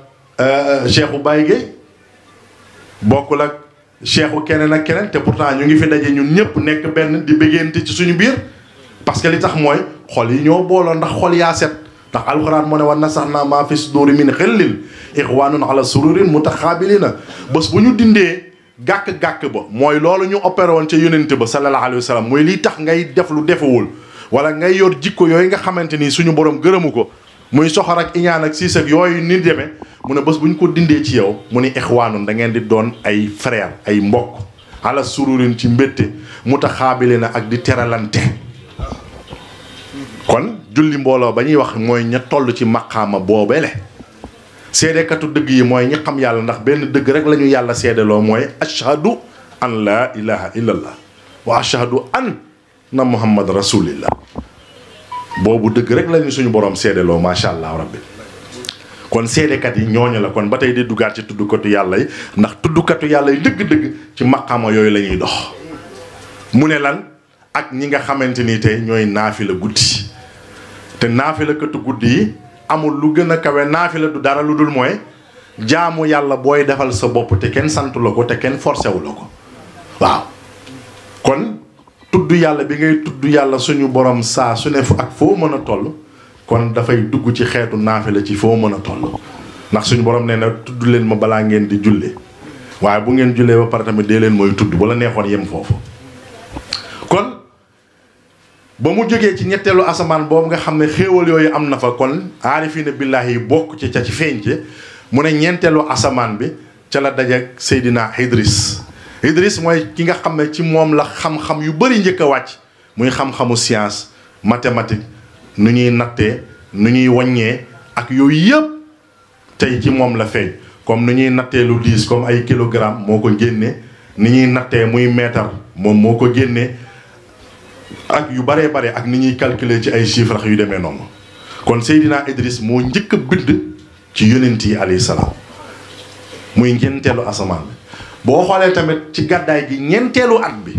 cheikhou Baye Gueye bokkul ak cheikhou kenen ak kenen te pourtant ñu ngi fi daje ñun ñëpp nekk ben di bëggante ci suñu biir parce que li tax moy xol yi ñoo booloo ndax xol yaa set ndax alquran mo ne wa nasaxnaa ma fi suduuri min xillin ixwaanun ala sururin mutaqabilina bés bu ñu dindee gàkk-gàkk ba mooy loolu ñu opéré woon ca yonent ba sallallahu alayhi wasallam sallam mooy liy tax ngay def lu defewul wala ngay yor jikko yooyu nga xamante ni suñu borom gërëmu ko muy soxor ak iñaan ak siis ak yooyu ni demee mu ne bés bu ñu ko dindee ci yow mu ne ixwaanun da ngeen di doon ay frère ay mbokk ala sururin ci mbétte mutaqabilina ak di teralante kon julli mbolo ba wax moy ña toll ci maqaama sédé katu dëgg yi moy ñi xam yalla ndax benn dëgg rek lañu yalla sédé lo moy ashhadu an la ilaha illallah wa ashhadu an na muhammad rasulillah bobu dëgg rek lañu suñu borom ma sha allah rabbi kon kat yi ñoñu la kon batay di dugaat ci katu yalla yi ndax katu yalla yi dëgg-dëgg ci maqama yoy lañuy dox mune lan ak ñi nga xamanteni tay ñoy ñooy la guddi te la këtu guddi yi amul lu gën a kawe naafi la du dara lu dul mooy jaamu yàlla booy defal sa bopp te kenn santu la ko te kenn forcé wu la ko waaw kon tudd yàlla bi ngay tudd yàlla suñu borom saa su ne ak foo mën a toll kon dafay dugg ci xeetu naafi la ci foo mën a toll ndax suñu borom nee na tudd leen ma balaa ngeen di julli waaye bu ngeen jullee ba pare tamit dee leen mooy tudd wala neexoon yem foofu kon ba mu jógee ci ñetteelu asamaan boobu nga xam ne xéewal yooyu am na fa kon aarifina billaahi yi bokk ci ca ci feeñ ci mu ne ñeenteelu asamaan bi ca la dajeeg Seydina Idris Idris mooy ki nga xam ne ci moom la xam-xam yu bëri njëkk a wàcc muy xam-xamu science mathématique nu ñuy nattee nu ñuy waññee ak yooyu yëpp tey ci moom la feeñ comme ni ñuy nattee lu diis comme ay kilogramme moo ko génnee ni ñuy nattee muy mètre moom moo ko génnee ak yu baree bare ak ni ñuy calculer ci ay chiffres yu demee noonu kon Seydina Idris moo njëkk a bind ci yonent yi salaam muy ñeenteelu asamaan boo xoolee tamit ci gàddaay gi ñeenteelu at bi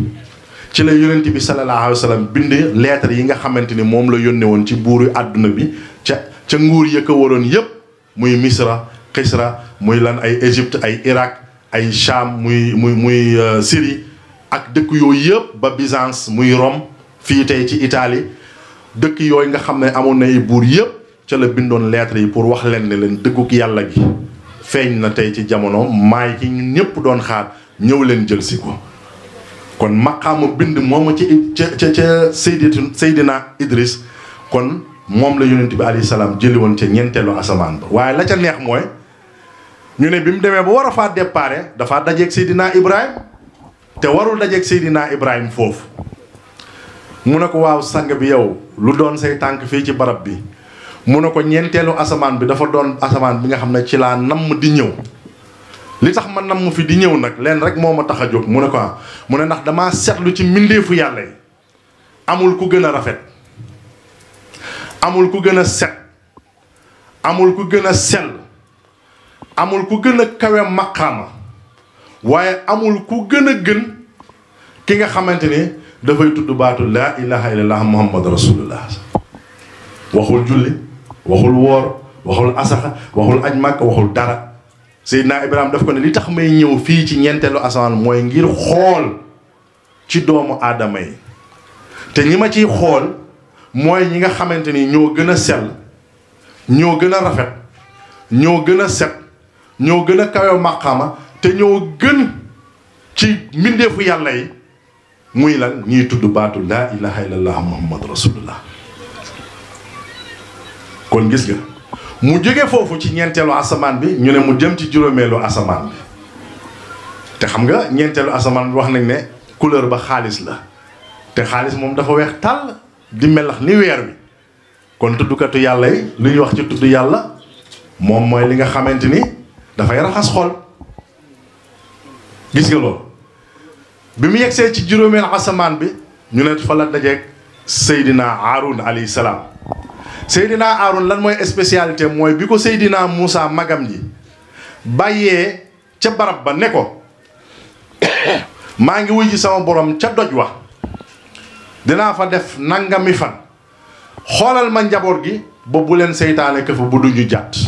ci la yonent bi sallallahu alayhi wa sallam bind lettre yi nga xamante ni moom la yónnee woon ci buuru àdduna bi ca ca nguur ya waroon yépp muy Misra Xisra muy lan ay Égypte ay Irak ay Cham muy muy muy euh, Syrie ak dëkk yooyu yëpp ba Byzance muy Rome fii tey ci Italie dëkk yooyu nga xam ne amoon na ay buur yëpp ca la bindoon lettre yi pour wax leen ne leen dëgguk yàlla gi feeñ na tey ci jamono maay ki ñun ñëpp doon xaar ñëw leen jël si ko kon maqaama bind moom ci ca ca ca Seydina Idris kon moom la yonent bi alayhi salaam jëli woon ca ñeenteelu asamaan ba waaye la ca neex mooy ñu ne bi mu demee ba war a faa déparé dafaa dajeeg Seydina Ibrahim te warul dajeeg Seydina Ibrahim foofu. mu ne ko waaw sang bi yow lu doon say tànk fii ci barab bi mu ne ko ñeenteelu asamaan bi dafa doon asamaan bi nga xam ne ci laa namm di ñëw li tax ma namm fi di ñëw nag leen rek moo ma tax a jóg mu ne ko ah. mu ne ndax damaa seetlu ci mbindeefu yàlla yi amul ku gën a rafet amul ku gën a set amul ku gën a sell amul ku gën a kawe maqaama waaye amul ku gën a gën ki nga xamante ni dafay tudd baatu laa ilaha illallah muhammad rasulullah waxul julli waxul woor waxul asaxa waxul aj màkk waxul dara Seydina Ibrahima daf ko ne li tax may ñëw fii ci ñeenteelu asamaan mooy ngir xool ci doomu aadama yi te ñi ma ciy xool mooy ñi nga xamante ni ñoo gën a sell ñoo gën a rafet ñoo gën a set ñoo gën a kawe màqaama te ñoo gën ci mbindeefu yàlla yi muy lan ñuy tuddu baatu la ilaha illallah muhammad rasulullah kon gis nga mu joge fofu ci ñentelu asaman bi ñune mu dem ci juromelu asaman bi te xam nga ñentelu asaman wax nañ ne couleur ba khalis la te khalis mom dafa wex tal di melax ni wer bi kon katu yalla yi lu ñu wax ci tuddu yalla mom moy li nga xamanteni xol gis nga bi mu yegsee ci juróomeen asamaan bi ñu ne fa la dajeeg Seydina Haroun alayhi salaam Seydina Haroun lan mooy spécialité mooy bi ko Seydina Moussa magam ji bàyyee ca barab ba ne ko maa ngi wuy ji sama boroom ca doj wa dinaa fa def mi fan xoolal ma njaboot gi ba bu leen seytaane këfa bu duñu jàtt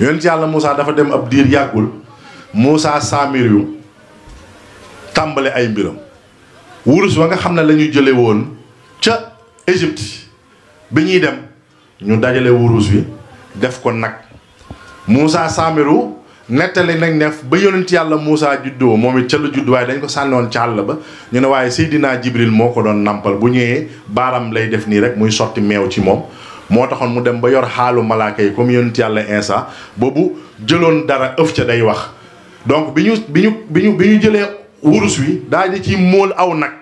yonent yàlla muusa dafa dem ab diir yàggul Moussa Saamir tàmbale ay mbiram wurus wa nga xam ne la ñu jële woon ca Égypte bi ñuy dem ñu dajale wurus wi def ko nag Moussa Samirou nettali nag ne ba yonent yàlla Moussa juddoo moom it ca la judd waaye dañ ko sànnoon ca àll ba ñu ne waaye dinaa Jibril moo ko doon nampal bu ñëwee baaram lay def nii rek muy sotti meew ci moom moo taxoon mu dem ba yor xaalu malaaka yi comme yonent yàlla instant boobu jëloon dara ëf ca day wax donc bi ñu bi ñu bi ñu bi ñu wurus wi daal di ci móol aw nag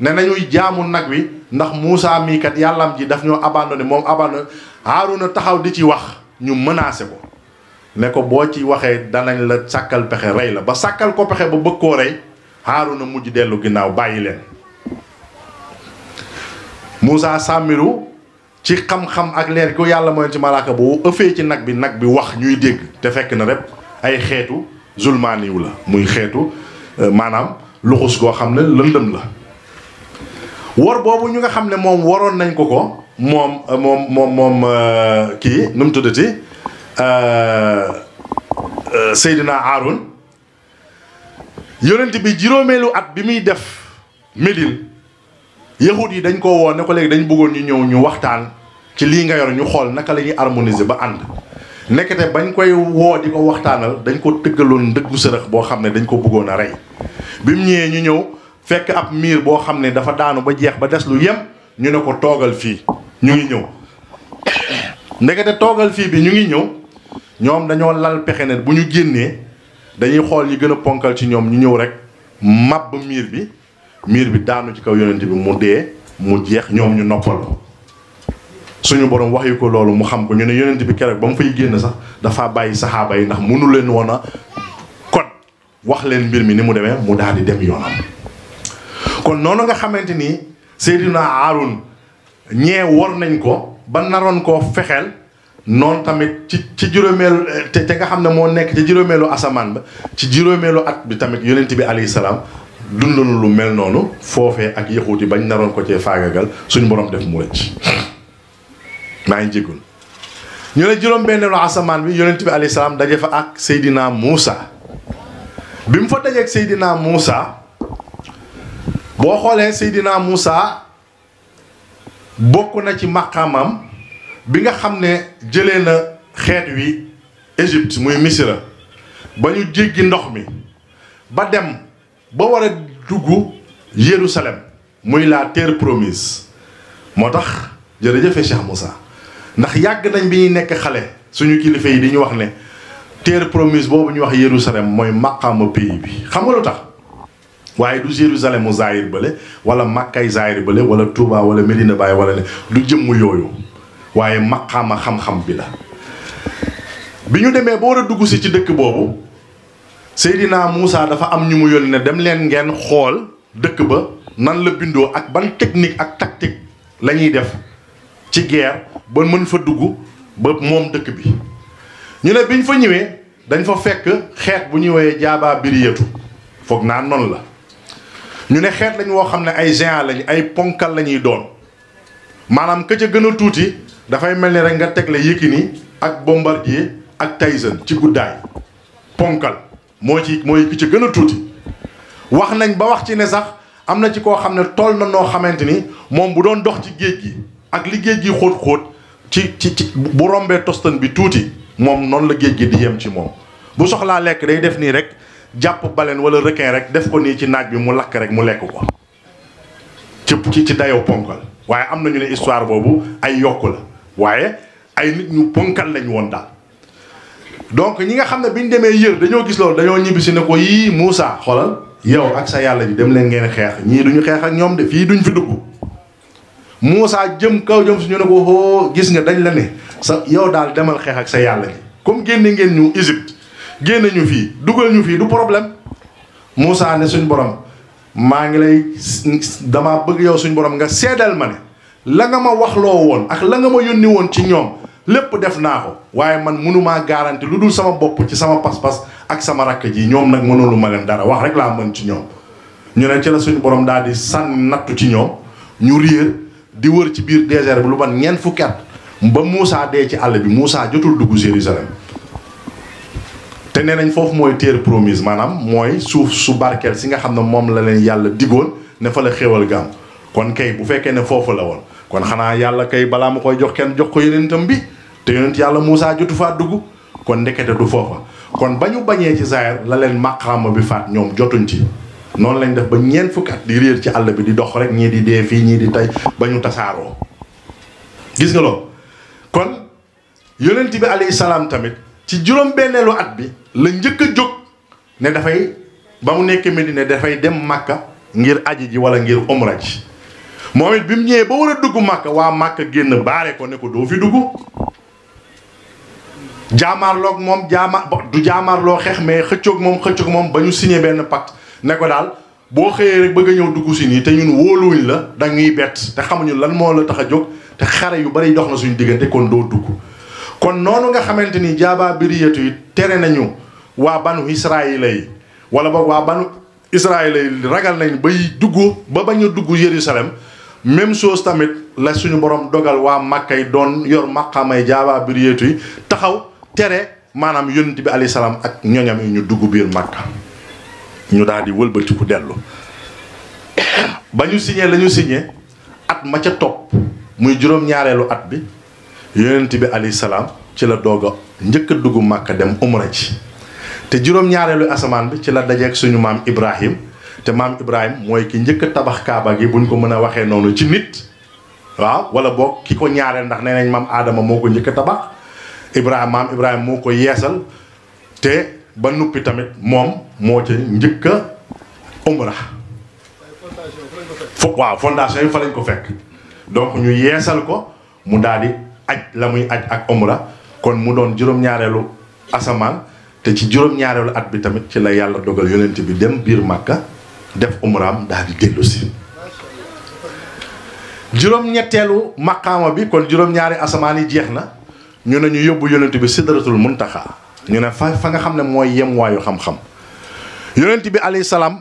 ne nañuy jaamu nag wi ndax Moussa mii kat yàllaam ji daf ñoo abandonné moom abandonné na taxaw di ci wax ñu menacé ko ne ko boo ci waxee danañ la sàkkal pexe rey la ba sàkkal ko pexe ba bëgg koo rey Haaruna mujj dellu ginnaaw bàyyi leen musaa Sàmmiru ci xam-xam ak leer ko yàlla mooy ci malaaka boo ëfee ci nag bi nag bi wax ñuy dégg te fekk na rek ay xeetu zulmaaniw la muy xeetu Euh, maanaam luxus koo xam ne lëndëm la wor boobu ñu nga xam ne moom waroon nañ ko ko moom euh, moom moom moom euh, kii nu mu tuddati Seydina Haarun yonent bi juróomeelu at bi muy def Médine yahut yi dañ ko woon ne ko léegi dañ bëggoon ñu ñëw ñu waxtaan ci lii nga yor ñu xool naka lañuy ñuy ba ànd nekkete bañ koy woo di ko waxtaanal dañ ko tëggaloon ndëggu sërëx boo xam ne dañ ko bëggoon a rey bi mu ñëwee ñu ñëw fekk ab miir boo xam ne dafa daanu ba jeex ba des lu yem ñu ne ko toogal fii ñu ngi ñëw ndekete toogal fii bi ñu ngi ñëw ñoom dañoo lal pexe ne bu ñu jénnee dañuy xool ñi gën a ponkal ci ñoom ñu ñëw rek màbb miir bi miir bi daanu ci kaw yonent bi mu dee mu jeex ñoom ñu noppal suñu borom waxyu ko loolu mu xam ko ñu ne yonent bi keroog ba mu fay génn sax dafa bàyyi saxaaba yi ndax mënu leen woon a code wax leen mbir mi ni mu demee mu daal di dem yoonam kon noonu nga xamante ni Seydina Haarun ñee wor nañ ko ba naroon koo fexeel noonu tamit ci ci juróomeelu nga xam ne moo nekk ci juróomeelu asamaan ba ci juróomeelu at bi tamit yonent bi alayhi salaam dund lu mel noonu foofee ak yaxuut yi bañ naroon ko cee faagagal suñu borom def mu rëcc maa ngi jégalu ñu ne juróom-benneelu asamaan bi yonent bi alayhi daje fa ak seydinaa Moussa bi mu fa dajeeg seydinaa Moussa boo xoolee seydinaa Moussa bokk na ci maqaamam bi nga xam ne jëlee na xeet wi Égypte muy Misra ba ñu jéggi ndox mi ba dem ba war a dugg Jérusalem muy la terre promise moo tax jërëjëfe Cheikh Moussa. ndax yàgg nañ bi ñuy nekk xale suñu kilifa yi di ñu wax ne terre promise boobu ñu wax Yerusalem mooy maqaama pays bi xam nga lu tax waaye du Jérusalem mu Zahir bële wala Makkay Zahir bële wala Touba wala Medina Baye wala ne du jëmm yooyu waaye maqaama xam-xam bi la. bi ñu demee ba war a dugg si ci dëkk boobu Seydina Moussa dafa am ñu mu yónni ne dem leen ngeen xool dëkk ba nan la bindoo ak ban technique ak tactique lañuy def ci guerre. ba mën fa dugg ba moom dëkk bi ñu ne biñ fa ñëwee dañ fa fekk xeet bu ñuy woowee jaabaa biriyatu foog naa noonu la ñu ne xeet lañ woo xam ne ay géant lañ ay ponkal la ñuy doon maanaam ka ca gën a tuuti dafay mel ni rek nga tegle Yékini ak Bombardier ak Tyson ci guddaay ponkal moo ci mooy ki ci gën a tuuti wax nañ ba wax ci ne sax am na ci koo xam ne tool na noo xamante ni moom bu doon dox ci géej gi ak liggéey gi xóot-xóot ci ci ci bu rombee tostan bi tuuti moom noonu la géej gi di yem ci moom bu soxlaa lekk day def nii rek jàpp baleen wala requin rek def ko nii ci naaj bi mu lakk rek mu lekk ko ci ci dayoo ponkal waaye am nañu ne histoire boobu ay yokk la waaye ay nit ñu ponkal lañ woon daal donc ñi nga xam ne bi ñu demee yër dañoo gis loolu dañoo ñibbisi ne ko yii Moussa xoolal yow ak sa yàlla ji dem leen ngeen xeex ñii duñu xeex ak ñoom de fii duñ fi dugg Moussa jëm kaw jëm suñu ne ko hoo oh, gis nga dañ la ne sa yow daal demal xeex ak sa yàlla ni comme génne ngeen ñu Égypte génne ñu fii dugal ñu fii du problème Moussa ne suñ borom maa ngi lay damaa bëgg yow suñ borom nga seedal ma ne la nga ma waxloo woon ak la nga ma yónni woon ci ñoom lépp def naa ko waaye man mënumaa garanti lu dul sama bopp ci sama pas-pas ak sama rakk ji ñoom nag mënulu ma leen dara wax rek laa mën ci ñoom ñu ne ci la suñu borom daal di sànni nattu ci ñoom di wër ci biir désert bi lu man ñeent fukki at ba Moussa dee ci àll bi Moussa jotul dugg Jérusalem te nee nañ foofu mooy terre promise maanaam mooy suuf su barkeel si nga xam ne moom la leen yàlla digoon ne fa la xéwal gàmm kon kay bu fekkee ne foofu la woon kon xanaa yàlla kay balaa ma koy jox kenn jox ko yonentam bi te yonent yàlla Moussa jotu faa dugg kon ndekete du foofa kon ba ñu bañee ci Zaïre la leen màqaama bi faat ñoom jotuñ ci. noonu lañ def ba ñeent fukk at di réer ci àll bi di dox rek ñii di dee fii ñii di tey ba ñu tasaaroo gis nga loolu kon yonent bi alayhi salaam tamit ci juróom-benneelu at bi la njëkk a jóg ne dafay ba mu nekk Medina dafay dem Màkka ngir aji ji wala ngir umra ji moom it bi mu ñëwee ba war a dugg Màkka waa Màkka génn baare ko ne ko doo fi dugg jaamaarloog moom jaama du jaamaarloo xeex mais xëccoog moom xëccoog moom ba ñu signé benn pacte ne ko daal boo xëyee rek bëgg ñëw dugg si nii te ñun wóoluwuñ la da ngay bett te xamuñu lan moo la tax a jóg te xare yu bari dox na suñu diggante kon doo dugg kon noonu nga xamante ni jaabaa biriyatu yi tere nañu waa banu israila yi wala boog waa banu israila yi ragal nañ ba dugg ba bañ a dugg Yerusalem même chose tamit la suñu borom dogal waa yi doon yor maqaamay jaabaa biriyatu yi taxaw tere maanaam yonent bi alayhi salaam ak ñoñam yi ñu dugg biir màkka ñu daal di ku dellu ba ñu signé la ñu signé at ma ca top muy juroom ñaarelu at bi yonent bi alayhi salaam ci la doog ñeuk duggu makka dem umra ci te juroom ñaarelu asaman bi ci la ak suñu mam ibrahim te mam ibrahim moy ki ñeuk a tabax kaaba gi buñ ko mëna waxé nonu ci nit waaw wala bok kiko ko ndax nenañ mam adama moko ñeuk ibrahim mam ibrahim moko ko te ba nuppi tamit moom moo ci njëkka a umra fo waaw fondation yi fa lañ ko fekk donc ñu yeesal ko mu daal di aj la muy aj ak umra kon mu doon juróom-ñaareelu asamaan te ci juróom-ñaareelu at bi tamit ci la yàlla dogal yonent bi dem biir màkka def umraam daal di dellu juróom-ñetteelu maqaama bi kon juróom-ñaari asamaan yi jeex na ñu nañu yóbbu yonent bi sidratul muntaxa ñu ne fa fa nga xam ne mooy yemuwaayu xam-xam yonent bi aley salaam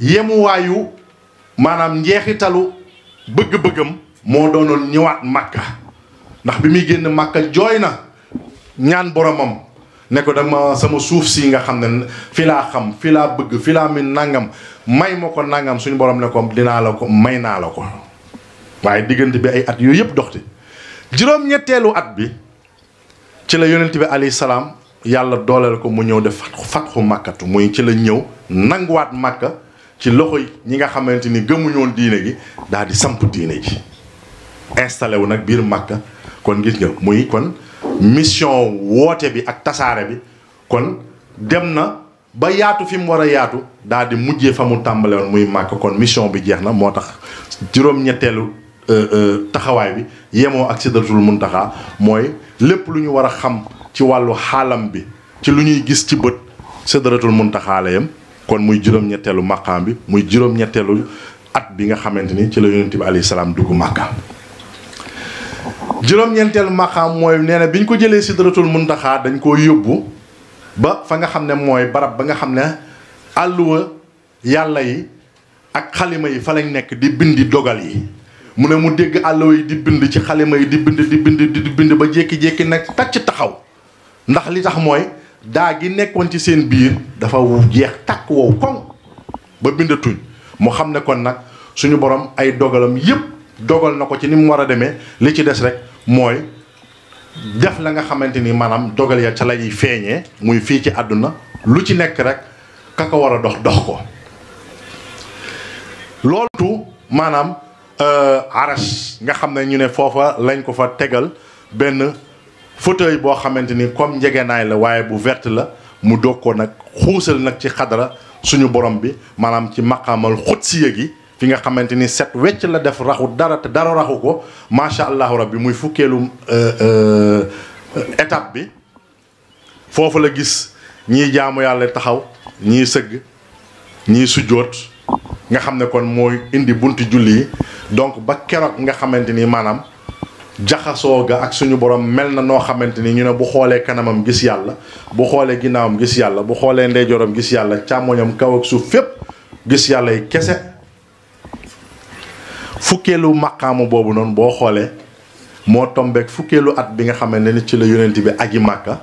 yemuwaayu maanaam njeexitalu bëgg-bëggam moo doonoon ñëwaat màkka ndax bi muy génn màkka jooy na ñaan boromam ne ko dama sama suuf si nga xam ne fi laa xam fi laa bëgg fi laa min nangam may ma ko nangam suñu borom ne ko dinaa la ko may naa la ko waaye diggante bi ay at yooyu yëpp doxti juróom-ñetteelu at bi ci la yonent bi alayhi salaam yàlla dooleel ko mu ñëw def fatxu màkkatu muy ci la ñëw nanguwaat màkka ci loxo ñi nga xamante ni gëmuñoon diine gi daal di samp diine ji installé wu nag biir màkka kon gis nga muy kon mission woote bi ak tasaare bi kon dem na ba yaatu fi mu war a yaatu daal di mujjee fa mu tàmbale muy màkk kon mission bi jeex na moo tax juróom-ñetteelu euh, euh, taxawaay bi yemoo ak mun muntaha mooy lépp lu ñu war a xam ci walu xaalam bi ci lu gis ci bët sidratul muntaxaa kon muy juróom ñettelu maqam bi muy juróom ñettelu at bi nga xamanteni ci la yonent bi alayhi salam duggu makka juróom ñettelu maqam moy neena biñ ko jëlé sidratul dañ ko yobbu ba fa nga xamne moy barab ba nga xamne ne àlluwa yàlla yi ak khalima yi fa lañ nek di bindi dogal yi mu ne mu dégg yi di bind ci khalima yi di bind di bind di bind ba jékki-jékki nak tacc taxaw ndax li tax mooy daa gi nekkoon ci seen biir dafa jeex takk wow koŋ ba bindatuñ mu xam ne kon nag suñu borom ay dogalam yépp dogal na ko ci ni mu war a demee li ci des rek mooy def la nga xamante ni maanaam dogal ya ca lay feeñee muy fii ci àdduna lu ci nekk rek ka ko war a dox dox ko loolu tu maanaam euh, aras nga xam ne ñu ne foofa lañ ko fa tegal benn fauteuil boo xamante ni comme njëgënaay la waaye bu verte la mu doog ko nag xuusal nag ci xadara suñu borom bi maanaam ci maqaamal xudsiya yi fi nga xamante ni set wecc la def raxu dara te dara raxu ko macha allahu rabbi muy fukkeelu euh, euh, étape bi foofu la gis ñii jaamu yàlla taxaw ñii sëgg ñii sujjoot nga xam ne kon mooy indi buntu julli yi donc ba keroog nga xamante ni maanaam. jaxasoo ga ak suñu borom mel na noo xamante ni ñu ne bu xoolee kanamam gis yàlla bu xoolee ginnaawam gis yàlla bu xoolee ndeyjooram gis yàlla càmmoñam kaw ak suuf fépp gis yàlla yi kese fukkeelu maqaamu boobu noonu boo xoolee moo tombeek fukkeelu at bi nga xamante ni ci la yonent bi aji màkka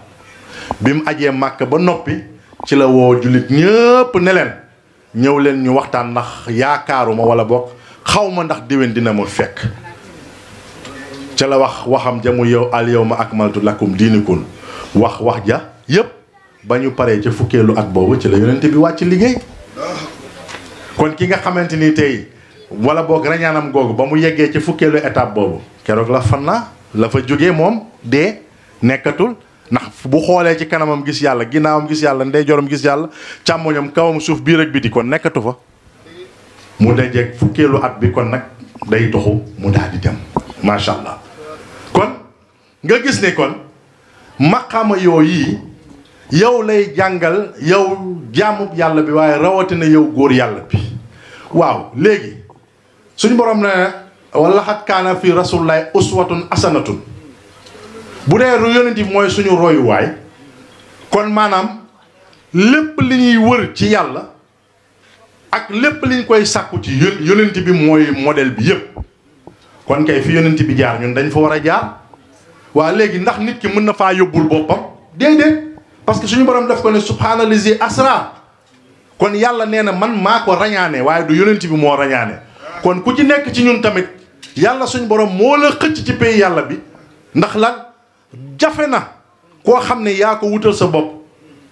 bi mu ajee màkka ba noppi ci la woo jullit ñëpp ne leen ñëw leen ñu waxtaan ndax yaakaaruma wala bokk xawma ndax déwén dina ma fekk ci la wax waxam jamu yow al yawma akmaltu lakum dinakum wax wax ja yep bañu paré ci fukélu ak bobu ci la yonenté bi wacc liggéey kon ki nga xamanteni tay wala bok rañanam gogu ba mu yeggé ci fukélu étape bobu kérok la fan la fa joggé mom dé nekatul ndax bu xolé ci kanamam gis yalla ginaawam gis ndé gis yalla chamoñam kawam suuf bi rek biti kon nekatu fa mu dajé fukélu at bi kon nak day doxu mu daal dem nga gis ne kon maqaama yooyu yow lay jàngal yow jaamub yàlla bi waaye rawatina yow góor yàlla bi waaw léegi suñu borom ne wala xat kaana fi rasulillahi uswatun asanatun bu dee yonent bi mooy suñu royuwaay kon maanaam lépp li ñuy wër ci yàlla ak lépp li ñu koy sàkku ci yonent bi mooy model bi yépp kon kay fi yonent bi jaar ñun dañ fa war a jaar waa léegi ndax nit ki mën na faa yóbbul boppam déedéet parce que suñu borom daf ko ne subhaanallazi asra kon yàlla nee na man maa ko rañaane waaye du yonent bi moo rañaane kon ku ci nekk ci ñun tamit yàlla suñu borom moo la xëcc ci pay yàlla bi ndax la jafe na koo xam ne yaa ko wutal sa bopp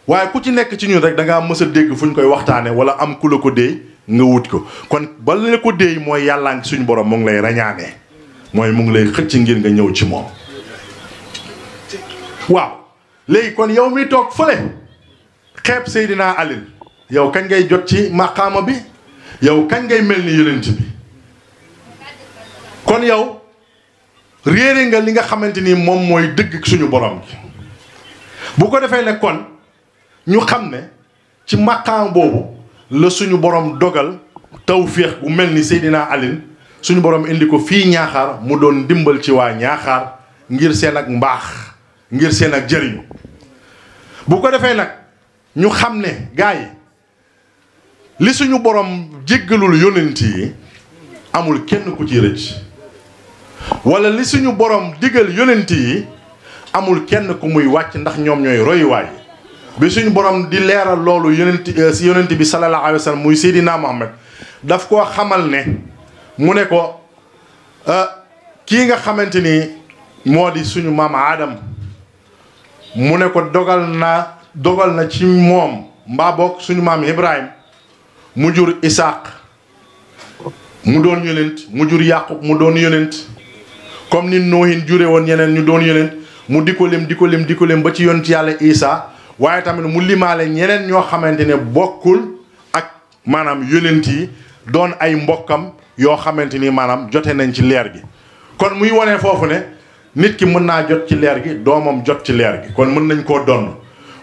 waaye ku ci nekk ci ñun rek da ngaa mës dégg fu ñu koy waxtaane wala am ku la ko déey nga wut ko kon ba la ko déey mooy yàllaa ngi suñu borom mu ngi lay rañaanee mooy mu ngi lay xëcc ngir nga ñëw ci moom waaw léegi kon yow mi toog fële xeeb Seydina alin yow kañ ngay jot ci maqaama bi yow kañ ngay mel ni yonent bi kon yow réere nga li nga xamante ni moom mooy dëgg suñu borom gi bu ko defee ne kon ñu xam ne ci maqaam boobu la suñu borom dogal tawféex bu mel ni Seydina Alin suñu borom indi ko fii ñaaxaar mu doon dimbal ci waa ñaaxaar ngir seen ak mbaax ngir seen ak jëriñu bu ko defee nag ñu xam ne gars yi li suñu borom jéggalul yónent yi amul kenn ku ci rëcc wala li suñu borom digal yonent yi amul kenn ku muy wàcc ndax ñoom ñooy royuwaay bi suñu borom di leeral loolu yónent euh, si yónent bi sallallahu alayhi wa sallam muy sayidina Muhammad daf koo xamal ne mu ne ko euh, kii nga xamante ni moo di suñu maam Aadam mu ne ko dogal na dogal na ci moom mbaa bokk suñu maam Ibrahim mu jur Isaaq mu doon yonent mu jur Yaqub mu doon yonent comme ni noohin jure woon ñeneen ñu doon yonent mu di ko lim di ko lem di ko lim ba ci yonent yàlla Isa waaye tamit mu limaale ñeneen ñoo xamante ne bokkul ak maanaam yonent yi doon ay mbokkam yoo xamante ni maanaam jote nañ ci leer gi kon muy wone foofu ne nit ki mën naa jot ci leer gi doomam jot ci leer gi kon mën nañ koo donn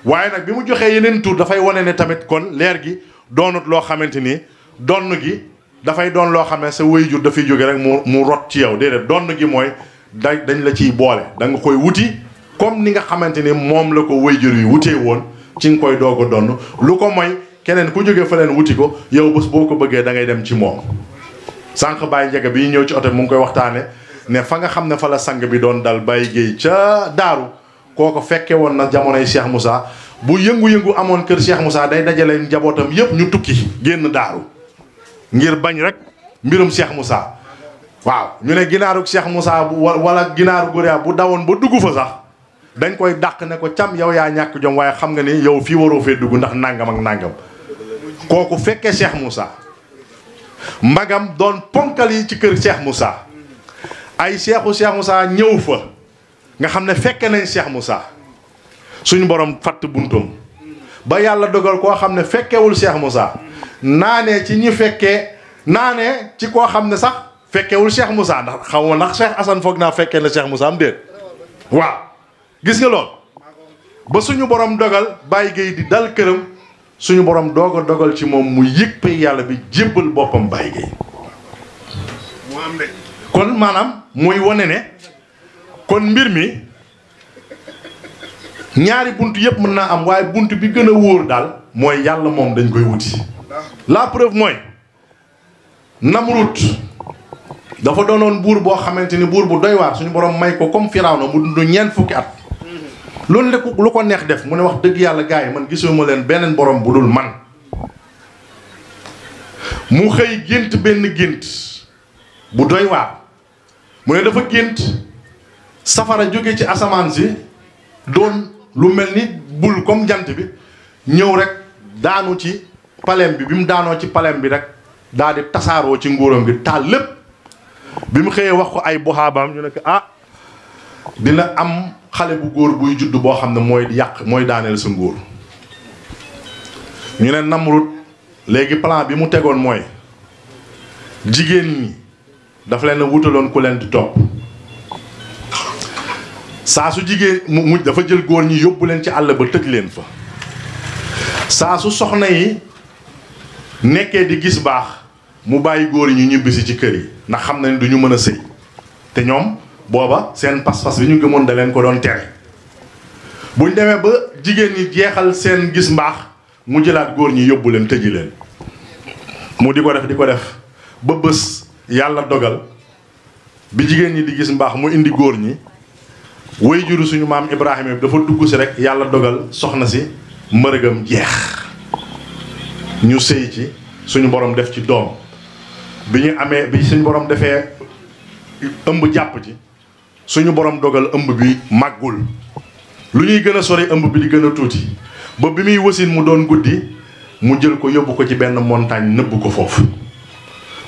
waaye nag bi mu joxee yeneen tur dafay wane ne tamit kon leer gi doonut loo xamante ni donn gi dafay doon loo xam ne sa waajur dafay jóge rek mu mu rot ci yow déedéet donn gi mooy da dañ la ciy boole da nga koy wuti comme ni nga xamante ni moom la ko jur yi wutee woon ci nga koy doog donn lu ko moy keneen ku jóge fa leen wuti ko yow bés boo ko bëggee dangay dem ci moom sànq bàyyi njege bi ñëw ci oto mu ngi koy waxtaane ne fa nga xamne fa la sang bi doon dal bay geey ca daru koko fekke won na jamono Cheikh Moussa bu yengu yengu amone keur Cheikh Moussa day dajale njabotam yep ñu tukki genn daru ngir bañ rek mbirum Cheikh Moussa waaw ñu ne ginaaru Cheikh Moussa bu wala ginaaru bu dawon ba duggu fa sax dañ koy dakk ne ko cham yow ya ñak jom waye xam nga ni yow fi waro fe duggu ndax nangam ak nangam kooku fekke Cheikh Moussa magam don ponkal yi ci keur Cheikh Moussa ay seexu Seex Musaa ñëw fa nga xam ne fekke nañ Seex Musaa suñu borom fatt buntam ba yàlla dogal koo xam ne fekkewul Seex Musaa naanee ci ñu fekkee naanee ci koo xam ne sax fekkewul Seex Musaa ndax xaw ma ndax Seex Asan foog naa fekkee na Seex Musaa am déet waaw gis nga lool ba suñu borom dogal bàyyi géey di dal këram suñu borom doo a dogal ci moom mu yëg pay yàlla bi jébbal boppam bàyyi géey kon maanaam muy wane ne kon mbir mi ñaari bunt yëpp mën naa am waaye bunt bi gën a wóor daal mooy yàlla moom dañ koy wuti la preuve mooy Namrud dafa doonoon buur boo xamante ni buur bu doy waar suñu borom may ko comme Firawna mu dund ñeent fukki at loolu lekk lu ko neex def mu ne wax dëgg yàlla gars yi man gisuma leen beneen borom bu dul man mu xëy gént benn gént bu doy waar mu ne dafa gént safara jóge ci asamaan si doon lu mel ni bul comme jant bi ñëw rek daanu ci palem bi bi mu daanoo ci palem bi rek daal di tasaaroo ci nguuram gi taal lépp bi mu xëyee wax ko ay buxaabaam ñu ne ko ah dina am xale bu góor buy judd boo xam ne mooy yàq mooy daaneel sa nguur ñu ne Namrud léegi plan bi mu tegoon mooy jigéen ñi dafa leen wutaloon ku leen di topp saa su jigéen mu dafa jël góor ñi yóbbu leen ci àll ba tëj leen fa saa su soxna yi nekkee di gis baax mu bàyyi góor ñi ñibbisi ci kër yi ndax xam na ne duñu mën a sëy te ñoom booba seen pas-pas bi ñu gëmoon da leen ko doon tere bu demee ba jigéen ñi jeexal seen gis mbaax mu jëlaat góor ñi yóbbu leen tëji leen mu di ko def di ko def ba bés yàlla dogal bi jigéen ñi di gis mbaax mu indi góor ñi way juru suñu maam Ibrahima bi dafa dugg si rek yàlla dogal soxna si mbërëgam jeex ñu sëy ci suñu borom def ci doom bi ñu amee bi suñu borom defee ëmb jàpp ci suñu borom dogal ëmb bi màggul lu ñuy gën a sori ëmb bi di gën a tuuti ba bi muy wasin mu doon guddi mu jël ko yóbbu ko ci benn montagne nëbbu ko foofu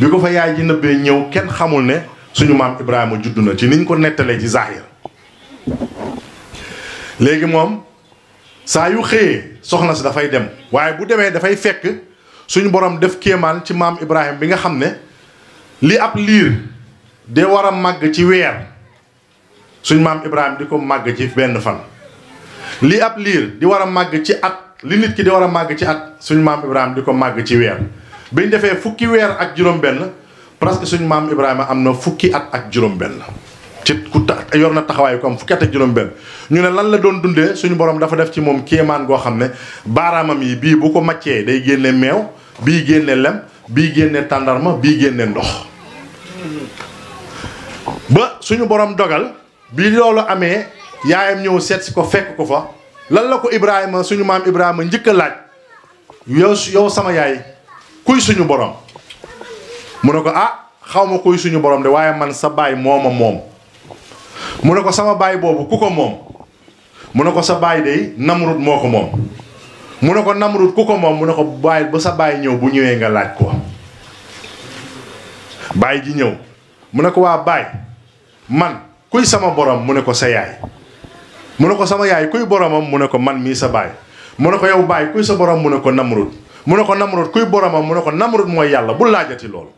bi ko fa yaay ji nëbbee ñëw kenn xamul ne suñu maam Ibrahima judd na ci niñ ko nettalee ci zahir léegi moom saa yu xëyee soxna si dafay dem waaye bu demee dafay fekk suñu borom def kéemaan ci maam Ibrahima bi nga xam ne li ab liir de war a màgg ci weer suñu maam Ibrahima di ko màgg ci benn fan. li ab liir di war a màgg ci at li nit ki di war a màgg ci at suñu maam Ibrahima di ko màgg ci weer. biñ defee fukki weer ak juróom-benn presque suñu maam Ibrahima am na fukki at ak juróom-benn ci ku ta yor na taxawaay ko am fukki at ak juróom-benn ñu ne lan la doon dundee suñu borom dafa def ci moom kéemaan goo xam ne baaraamam yi bii bu ko maccee day génne meew bii génne lem bii génne tàndarma bii génne ndox ba suñu borom dogal bi loolu amee yaayam ñëw seet si ko fekk ko fa lan la ko Ibrahima suñu maam Ibrahima njëkk a laaj yow yow sama yaay. kuy suñu borom mu ne ko ah xaw kuy suñu borom de waaye man sa baay mooma moom mu ne ko sama baay boobu ku ko moom mu ne ko sa baay de namrut moo ko moom mu ne ko namrut ku ko moom mu ne ko baay ba sa baay ñëw bu ñëwee nga laaj ko baay ji ñëw mu ne ko waa baay man kuy sama borom mu ne ko sa yaay mu ne ko sama yaay kuy boromam mu ne ko man mii sa baay mu ne ko yow baay kuy sa borom mu ne ko namrut mu ne ko Namrud kuy boromam mu ne ko Namrud mooy yàlla bu laajati loolu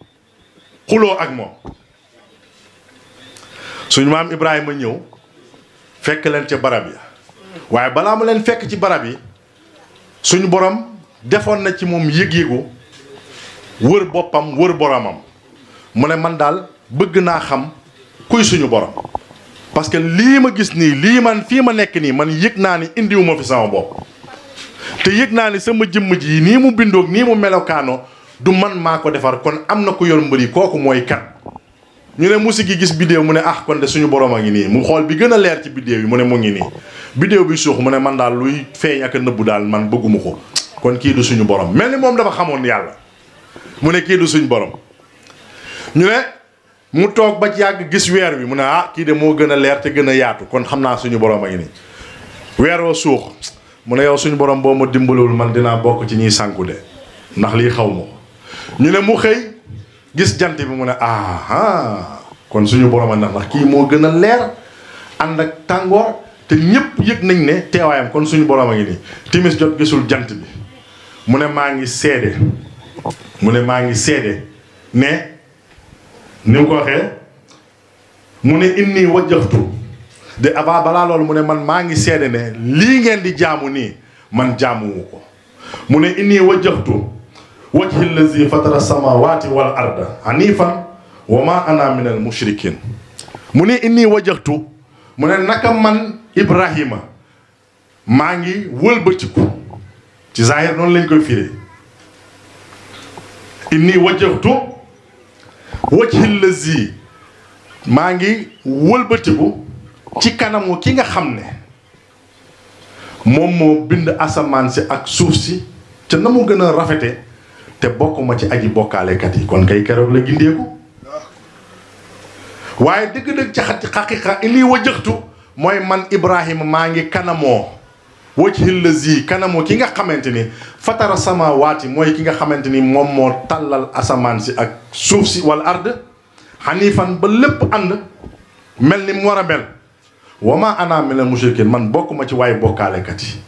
xuloo ak moom suñu maam Ibrahima ñëw fekk leen ci barab ya waaye balaa ma leen fekk ci barab yi suñu boroom defoon na ci moom yëg-yëgu wër boppam wër boromam mu ne man daal bëgg naa xam kuy suñu borom parce que lii ma gis nii lii man fii ma nekk nii man yëg naa ni indiwuma fi sama bopp te yëg naa ne sama jëmm ji nii mu bindoog nii mu melokaanoo du man maa ko defar kon am na ku yoon mbër yi kooku mooy kat ñu ne musi gi gis bidéew mu ne ah kon de suñu borom a ngi nii mu xool bi gën a leer ci bidéew yi mu ne mu ngi nii bidéew bi suux mu ne man daal luy feeñ ak a nëbbu daal man bëgguma ko kon kii suñu borom mel ni moom dafa xamoon yàlla mu ne kii du borom ñu ne mu toog ba yàgg gis weer wi mu ne ah kii de moo gën a leer te gën a yaatu kon xam naa suñu borom a ngi nii weer suux mu ne yow suñu borom boo ma dimbalul man dinaa bokk ci ñiy sànku ndax lii xaw ma ñu ne mu gis jant bi mu ne ah kon suñu borom a kii moo gën a leer ànd ak tàngoor te ñëpp yëg nañ ne teewaayam kon suñu borom a ngi nii timis jot gisul jant bi mu ne maa ngi seede mu ne maa ngi seede ne ni mu ko waxee mu ne inni wajjaftu de avant bala lol mune man maa ngi seede ne li ngeen di jaamu ni man jaamuwu wuko mune inni wajhtu wajhi allazi fatara samawati wal arda hanifan wama ana min al mushrikin mune inni wajhtu mune naka man ibrahima mangi ngi wëlbatiku ci zahir non lañ koy firé inni wajhtu wajhi allazi maa ngi wëlbatiku ci kanamu ki nga xam ne moom moo bind asamaan si ak suuf si te na mu gën a rafete te bokkuma ci aji bokkaalekat yi kon kay keroog la gindeeku waaye dëgg-dëgg ca xati xaqiqa lii mooy man Ibrahima maa ngi kanamoo wajhil lazi kanamoo ki nga xamante ni fatara samawaati mooy ki nga xamante ni moom moo tàllal asamaan si ak suuf si wal ard xanifan ba lépp ànd mel ni mu war a mel wama ana minal mushrikin man bokkuma ci waaye bokkaalekat yi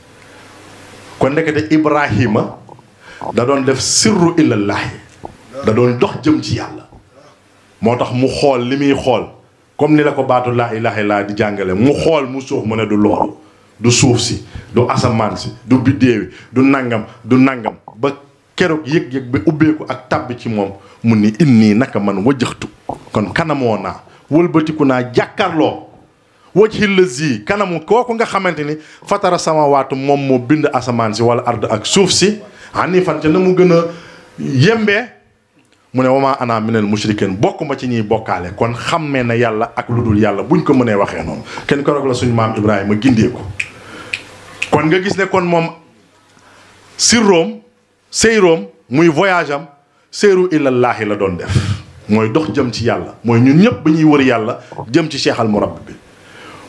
kon ndekete Ibrahima da doon def sirru ilallahi da doon dox jëm ci yàlla moo tax mu xool li muy xool comme ni la ko baatu laa ilaha laa di jàngale mu xool mu suuf mu ne du loolu du suuf si du asamaan si du biddéewi du nangam du nangam ba keroog yëg-yëg bi ubbeeku ak tàbbi ci moom mu ni inni naka man wajjaxtu kon kanamoo naa wëlbatiku naa jàkkarloo wajhi lazi kanamu kooku nga xamante ni sama waatu moom moo bind asamaan si wala ard ak suuf si hanifan ca na mu gën a yembee mu ne wama ana minal mushrikin bokk bokkuma ci ñuy bokkaale kon xam mee na yàlla ak lu dul yàlla buñ ko mënee waxee noonu kenn keroog la suñu maam Ibrahima gindee ko kon nga gis ne kon moom sirroom seyroom muy voyage am seyru ilallaahi la doon def mooy dox jëm ci yàlla mooy ñun ñëpp ba ñuy wër yàlla jëm ci cheikh al bi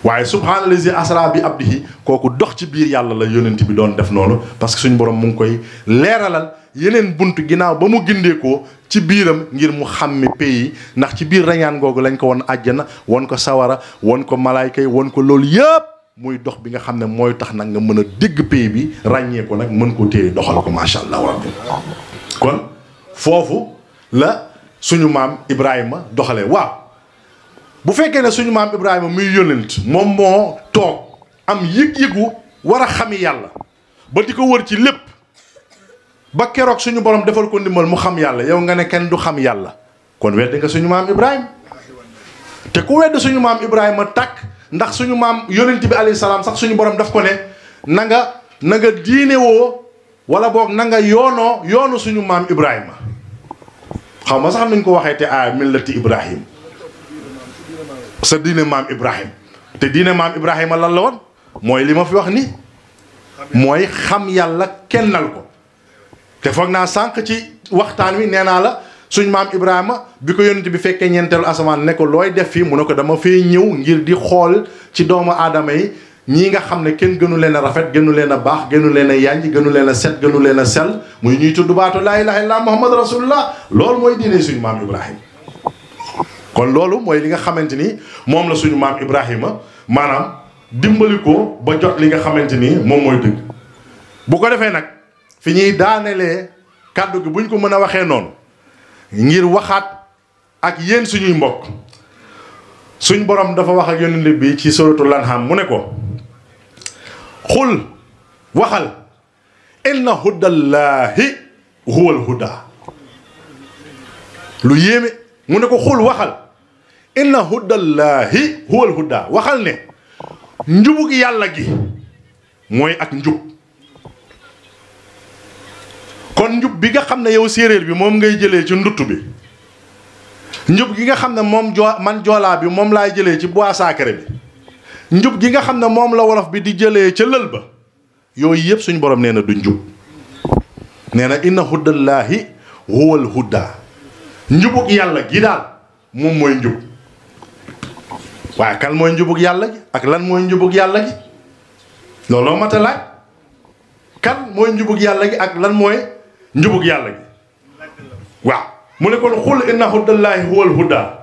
waaye subhaanallazi asra bi abdihi kooku dox ci biir yàlla la yonent bi doon def noonu parce que suñu borom mu ngi koy leeralal yeneen bunt ginnaaw ba mu gindeekoo ci biiram ngir mu xàmme pays ndax ci biir rañaan googu lañ ko won àjjana won ko sawara wan ko malaayka yi won ko loolu yëpp muy dox bi nga xam ne mooy tax nag nga mën a dégg pays bi ràññee ko nag mën ko téye doxal ko macha allah rabbi kon foofu la suñu maam Ibrahima doxale waaw. bu fekkee ne suñu maam Ibrahima muy yónent moom moo toog am yëg-yëgu war a xami yàlla ba di ko wër ci lépp ba keroog suñu borom defal ko ndimbal mu xam yàlla yow nga ne kenn du xam yàlla kon wedd nga suñu maam Ibrahima te ku wedd suñu maam Ibrahima tàkk ndax suñu maam yónent bi alayhi salaam sax suñu borom daf ko ne nanga nanga na nga diine woo wala boog na nga yoonoo yoonu suñu maam Ibrahima xaw ma sax nuñ ko waxee te aaya millati Ibrahim sa diine maam ibrahim te diine maam ibrahim lan la woon moy li ma fi wax ni moy xam yàlla kennal ko te foog naa sànq ci waxtaan wi nee la suñ maam Ibrahima bi ko yonent bi fekkee ñeenteelu asamaan ne ko loy def fi mu ne ko dama fi ñëw ngir di xol ci doomu adama yi ñi nga xamne ken gënu leena rafet gënu leena bax gënu leena yañ gënu leena set gënu leena sel muy ñuy tuddu baatu la ilaha illallah muhammad rasulullah lool moy diine suñ maam ibrahim kon loolu mooy li nga xamante ni moom la suñu maam Ibrahima maanaam dimbali ko ba jot li nga xamante ni moom mooy dëgg bu ko defee nag fi ñuy daanelee kàddu gi buñ ko mën a waxee noonu ngir waxaat ak yéen suñuy mbokk suñ boroom dafa wax ak yonent bi ci suratul anham mu ne ko xul waxal inna huddallaahi huwal yéeme mu ne ko xul waxal inna hudallahi huwal huda waxal ne njubug yalla gi moy ak njub kon njub bi nga xamne yow siril bi mom ngay jele ci ndutu bi njub gi nga xamne mom man jola bi mom lay jele ci bois sacré bi njub gi nga xamne mom la wolof bi di jele ci leul ba yoy yëpp suñu borom neena du njub neena inna hudallahi huwal hudda njubug yalla gi dal mom moy njub waaye kan mooy njubug yàlla gi ak lan mooy njubug yàlla gi looloo mat a laaj kan mooy njubug yàlla gi ak lan mooy njubug yàlla gi waaw mu ne kon xul inna huddallaahi huwal hudaa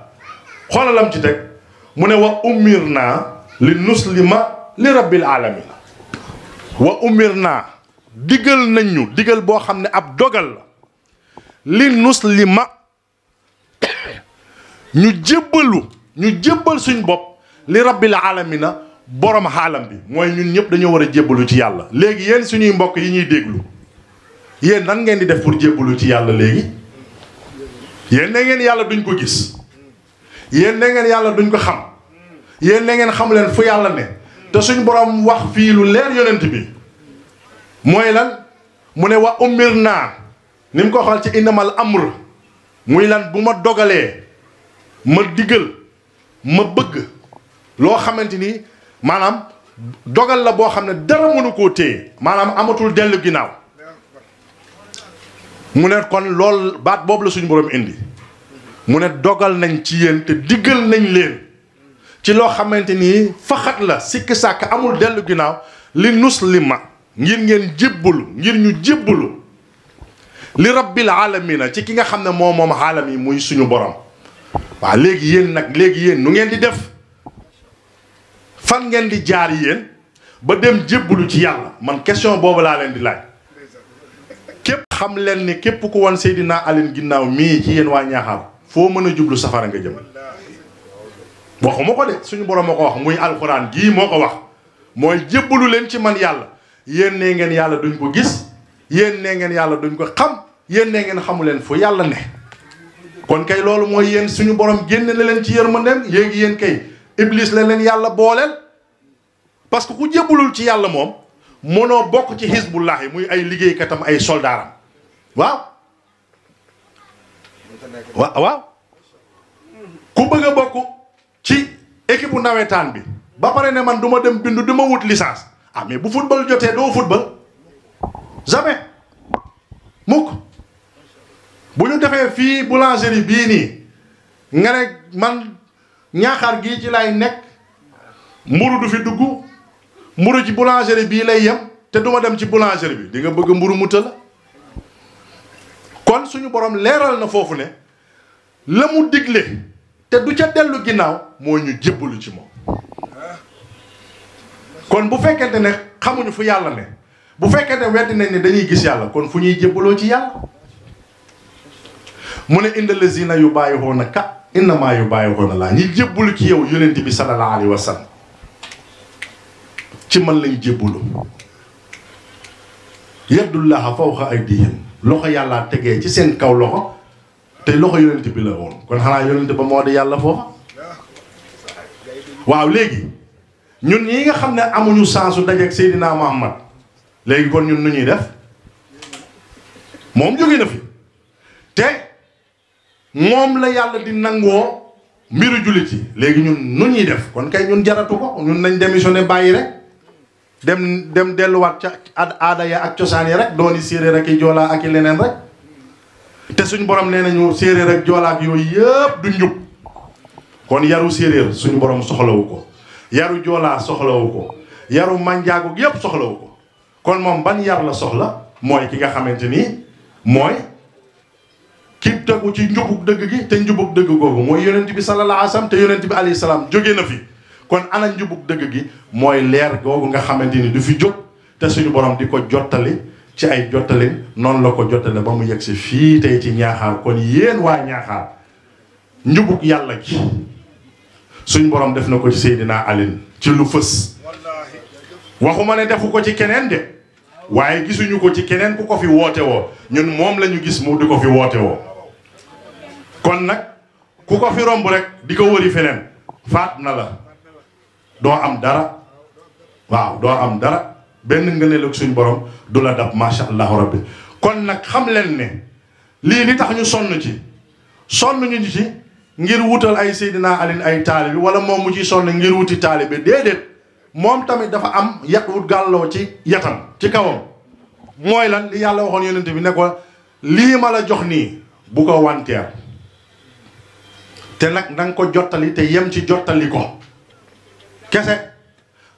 xoolalam ci teg mu ne wa umir naa li nuslima li rabbil alamin wa umir naa digal nañ ñu boo xam ne ab dogal la li nuslima ñu jébbalu ñu jébbal suñ bopp li rabbi rabbil na borom xaalam bi mooy ñun ñëpp dañoo war a jébbalu ci yàlla léegi yéen suñuy mbokk yi ñuy déglu yéen nan ngeen di def pour jébbalu ci yàlla léegi yéen na ngeen yàlla duñ ko gis yéen na ngeen yàlla duñ ko xam yéen na ngeen xam leen fu yàlla ne te suñ boroom wax fii lu leer yonent bi mooy lan mu ne wax umir naa ni mu ko xool ci inamal amr muy lan bu ma dogalee ma digal ma bëgg lo xamanteni manam dogal la bo xamne dara mënu ko téye manam amatul dellu ginnaaw mu ne kon lool baat bobu la suñu borom indi mu ne dogal nañ ci yéen te diggal nañ leen ci lo xamanteni ni faxat la sik sak amul dellu ginnaaw li nuslima ngir ngeen jébbalu ngir ñu jébbalu li rabbil alamin ci ki nga xamne ne mom alami muy suñu borom waaw léegi yéen nag léegi yéen nu ngeen di def fan ngeen di jaar yéen ba dem jébbalu ci yàlla man question boobu laa leen di laaj képp xam leen ni képp ku wan Seydina Alioune ginnaaw mii ci yéen waa Ñaaxar foo mën a jublu safara nga jëm waxuma ko de suñu borom moo ko wax muy alxuraan gii moo ko wax mooy jébbalu leen ci man yàlla yéen nee ngeen yàlla duñ ko gis yéen ne ngeen yàlla duñ ko xam yéen nee ngeen xamu leen fu yàlla ne kon kay loolu mooy yéen suñu boroom génne na leen ci yërmandeem yéegi yéen kay iblis la leen yàlla booleel parce que ku jébbalul ci yàlla moom mënoo bokk ci xisbullah yi muy ay liggéeykatam ay soldaaram waaw waaw ku bëgg a bokk ci équipe nawetaan bi ba pare ne man duma dem bindu du ma wut licence ah bu football jotee doo football jamais mukk bu ñu defee fii boulangerie bii nii nga ne man ñaaxaar gii ci lay nekk mburu du fi dugg mburu ci boulangerie bii lay yem te duma dem ci boulangerie bi di nga bëgg mburu mutta la kon suñu borom leeral na foofu ne la mu digle te du ca dellu ginnaaw moo ñu jébbalu ci moom kon bu fekkente ne xamuñu fu yàlla ne bu fekkente weddi nañ ne dañuy gis yàlla kon fu ñuy jébbaloo ci yàlla mu ne inda lazina yu bàyyi woon a ka yu bàyyi woon a laa ñi jébbalu ci yow yonent bi sallallahu alayhi wa sallam ci man lañ jébbalu yaddullaha ak aydihim loxo yàllaa tegee ci seen kaw loxo te loxo yonent bi la woon kon xanaa yonent ba moo de yàlla foofa waaw léegi ñun ñi nga xam ne amuñu sansu dajeeg Seydina Muhammad léegi kon ñun nu ñuy def moom jóge na fi te moom la yàlla di nangoo mbiru jullit yi léegi ñun nu ñuy def kon kay ñun jaratu ko ñun nañ démissionné bàyyi rek dem dem delluwaat ca aada ya ak cosaan yi rek dooni séeréer ak yi joolaa ak i leneen te suñ borom nee nañu séeréer ak joolaa yooyu yëpp du njub kon yaru séeréer suñu borom soxlawu ko yaru joolaa soxlawu ko yaru manjaagu yëpp soxlawu ko kon moom ban yar la soxla mooy ki nga xamante ni mooy ki tegu ci njubug dëgg gi te njubug dëgg googu mooy yonent bi sallallahu alayhi wasallam te yonent bi alayhi salaam jóge na fi kon ana njubug dëgg gi mooy leer googu nga xamante ni du fi jóg te suñu borom di ko jottali ci ay jottali noonu la ko jottale ba mu yegg si fii tey ci ñaaxaar kon yéen waa ñaaxaar njubug yàlla gi suñu borom def na ko ci Seydina Alin ci lu fës waxuma ne defu ko ci keneen de waaye gisuñu ko ci keneen ku ko fi woote woo ñun moom lañu gis mu di ko fi woote woo kon nag ku ko fi romb rek di ko wëri feneen faat na la doo am dara waaw doo am dara benn ngëneel ak suñ borom du la dab macha allahu bi kon nag xam leen ne lii li tax ñu sonn ci sonn ñu ci ngir wutal ay Seydina Alioune ay taalibi wala moom mu ciy sonn ngir wuti taalibi déedéet moom tamit dafa am yat wut gàlloo ci yatam ci kawam mooy lan li yàlla waxoon yonent bi ne ko lii ma la jox nii bu ko wanteer te nag nanga ko jottali te yem ci jottali ko kese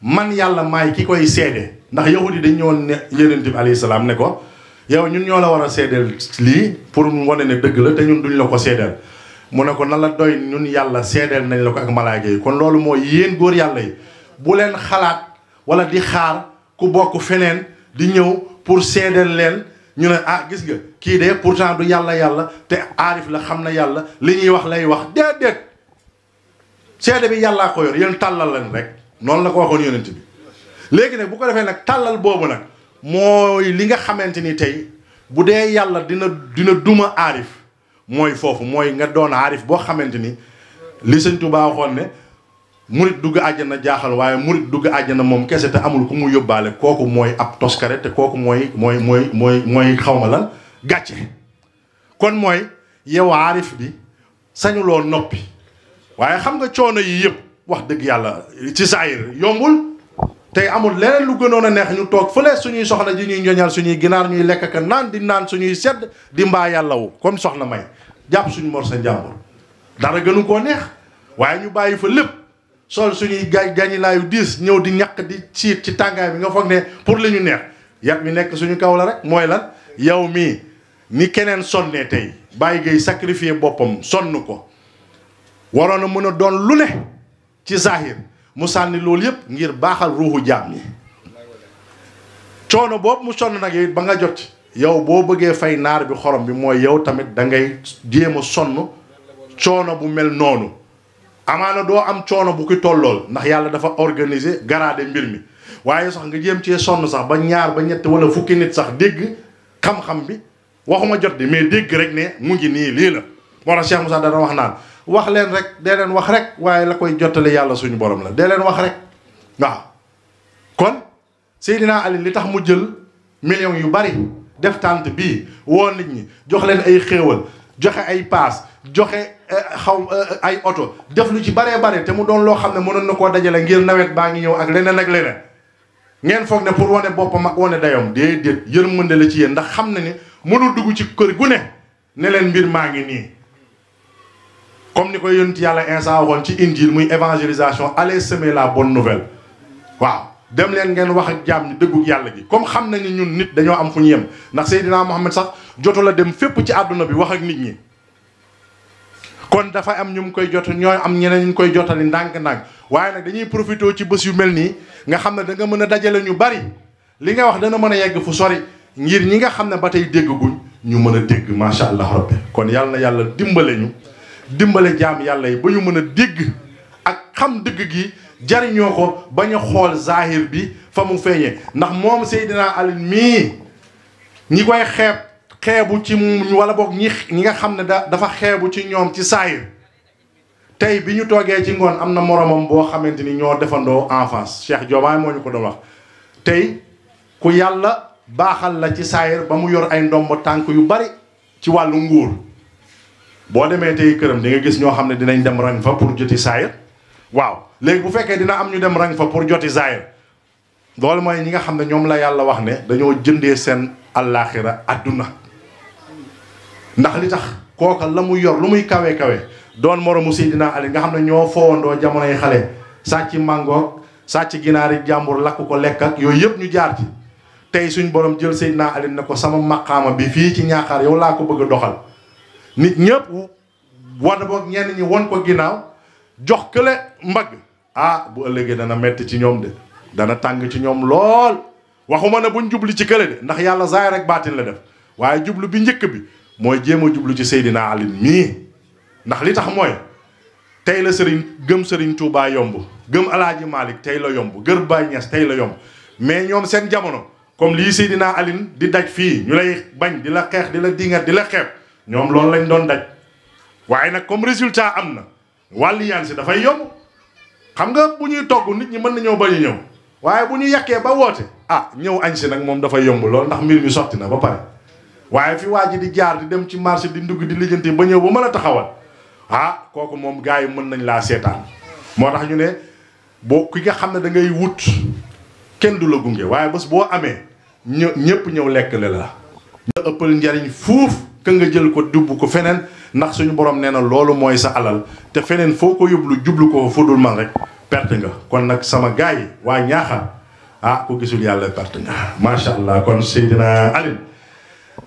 man yàlla maay ki koy seede ndax yahud yi dañ ñëwoon ne yonent bi alayhi salaam ne ko yow ñun ñoo la war a seddeel lii pour wane ne dëgg la te ñun duñ la ko seedeel mu ne ko na la doy ñun yàlla seedeel nañ la ko ak malaayka yi kon loolu moo yéen góor yàlla yi bu leen xalaat walla di xaar ku bokk feneen di ñëw pour seedeel leen ñu ne ah gis nga kii de pourtant du yàlla yàlla te aarif la xam na yàlla li ñuy wax lay wax déedéet seede bi yàllaa ko yor yéen tàllal lañ rek noonu la ko waxoon yonent bi léegi nag bu ko defee nag tàllal boobu nag mooy li nga xamante ni tey bu dee yàlla dina dina duma aarif mooy foofu mooy nga doon aarif boo xamante ni li sëñ Tuubaa waxoon ne murit dugg àjjana jaaxal waaye murit dugg àjjana moom kese te amul ku mu yóbbaale kooku mooy ab toskare te kooku mooy mooy mooy mooy xaw ma lan gàcce kon mooy yow aarif bi sañuloo noppi waaye xam nga coono yi yëpp wax dëgg yàlla ci sa saayir yombul tey amul leneen lu gënoon a neex ñu toog fële suñuy soxna ji ñuy njoñal suñuy ginaar ñuy lekk ka naan di naan suñuy sedd di mbaa yàllawu kon soxna may jàpp suñu mor sa njàmbur dara gënu koo neex ñu bàyyi fa lépp sol suñuy gañ gañilaayu diis ñëw di ñàq di siit ci tàngaay bi nga foog ne pour li ñu neex yat mi nekk suñu kaw la rek mooy lan yow mii ni keneen sonnee tey bàyyi gay sacrifier boppam sonn ko waroon a mën a doon lu ne ci zahir mu sànni loolu yëpp ngir baaxal ruuxu jaam yi coono boobu mu sonn nag yow ba nga jot yow boo bëggee fay naar bi xorom bi mooy yow tamit da ngay jéem a sonn soono bu mel noonu amaana doo am coono bu ki tollool ndax yàlla dafa organiser garaade mbir mi waaye sax nga jéem ci sonn sax ba ñaar ba ñett wala fukki nit sax dégg xam-xam bi waxuma jot di mais dégg rek ne mu ngi nii lii la moo tax Cheikh Moussa dana wax naan wax leen rek dee leen wax rek waaye la koy jotale yàlla suñu borom la dee leen wax rek waaw kon Seydina Ali li tax mu jël millions yu bari def tànt bii woo nit ñi jox leen ay xéewal joxe ay pass joxe eh, xaw eh, ay auto def lu ci bare bare te mu doon lo xamne ne nako dajale ngir nawet baa ngi ñëw ak leneen ak leneen ngeen foog ne pour woné bopam ak woné dayom déedéet yërmande la ci yéen ndax xamna ni mënul dugg ci kër gu ne ne leen mbir maa ngi nii comme ni ko yonent yalla insa waxoon ci injil muy évangélisation aller semer la bonne nouvelle waaw dem len ngeen wax ak jaam ñi dëggug yàlla gi comme xamna ni ñun nit dañoo am fu ñu yem ndax Seydina mohammed sax jotu la dem fépp ci àdduna bi wax ak nit ñi kon dafa am ñu mu koy jot ñoo am ñeneen ñu koy jotali ndànk-ndànk waaye nag dañuy profité ci bës yu mel nii nga xam ne danga mën a dajale ñu bari li nga wax dana mën a yegg fu sori ngir ñi nga xam ne ba tey dégguñ ñu mën a dégg macha allah rabbi kon yàlla na yàlla dimbale ñu dimbale jaam yàlla yi ba ñu mën a dégg ak xam dëgg gi jariñoo ko ba ñu xool zahir bi fa mu feeñee ndax moom Seydina Ali mii ñi koy xeeb. xébu ci ñu wala bok ñi ñi nga xam da dafa xébu ci ñom ci say tay biñu toggé ci ngon amna moromam bo xamanteni ño defando defandoo enfance Cheikh Diomaye moñu ko do wax tay ku yalla baxal la ci saayir ba mu yor ay ndomb tank yu bari ci walu nguur bo démé tay kërëm di nga gis ño xam dinañ dem rang fa pour joti saayir waaw légui bu féké dina am ñu dem rang fa pour joti saayir loolu moy ñi nga xam ñom la yalla wax ne dañoo sen al-akhirah aduna ndax li tax kooka la mu yor lu muy kawe kawe doon moromu Seydina Ali nga xam ne ñoo foowandoo jamonoy xale sàcc màngoog sàcc ginaari jàmbur lakk ko lekk ak yooyu yëpp ñu jaar ci tey suñ borom jël Seydina Ali na ko sama maqaama bi fii ci ñaaxaar yow laa ko bëgg a doxal nit ñëpp wala boog ñenn ñi won ko ginnaaw jox kële mbagg ah bu ëllëgee dana metti ci ñoom de dana tàng ci ñoom lool waxuma ne buñ jubli ci kële de ndax yàlla zaay rek baatin la def waaye jublu bi njëkk bi mooy jéem a jublu ci Seydina Ali mii ndax li tax mooy tey la sëriñ gëm sëriñ Touba yomb gëm alaaji Malick tey la yomb gër Baye Niass tey la yomb mais ñoom seen jamono comme lii Seydina alin di daj fii ñu lay bañ di la xeex di la dingat di la xeeb ñoom loolu lañ doon daj waaye nag comme résultat am na wàlli si dafay yomb xam nga bu ñuy togg nit ñi mën na ñëw ba waaye bu ñu yàkkee ba woote ah ñëw añ si nag moom dafay yomb lool ndax mbir mi sotti na ba waye fi waji di jaar di dem ci marché di ndug di lijjanti ba ñew ba mëna taxawal ha ah, koku mom gaay yi mën nañ laa seetaan moo ñu né bo ki nga xamné da ngay wut kenn du la gungé waye bës bo amé ñepp ñew lek la. ñu ëppal ndariñ fuuf ka nga jël ko dubbu ko fenen nak suñu borom loolu mooy sa alal te fenen foko yublu jublu ko fa fudul man rek perte nga kon nak sama gaay wa ñaaxa ah ku gisul yalla perte nga macha kon sayidina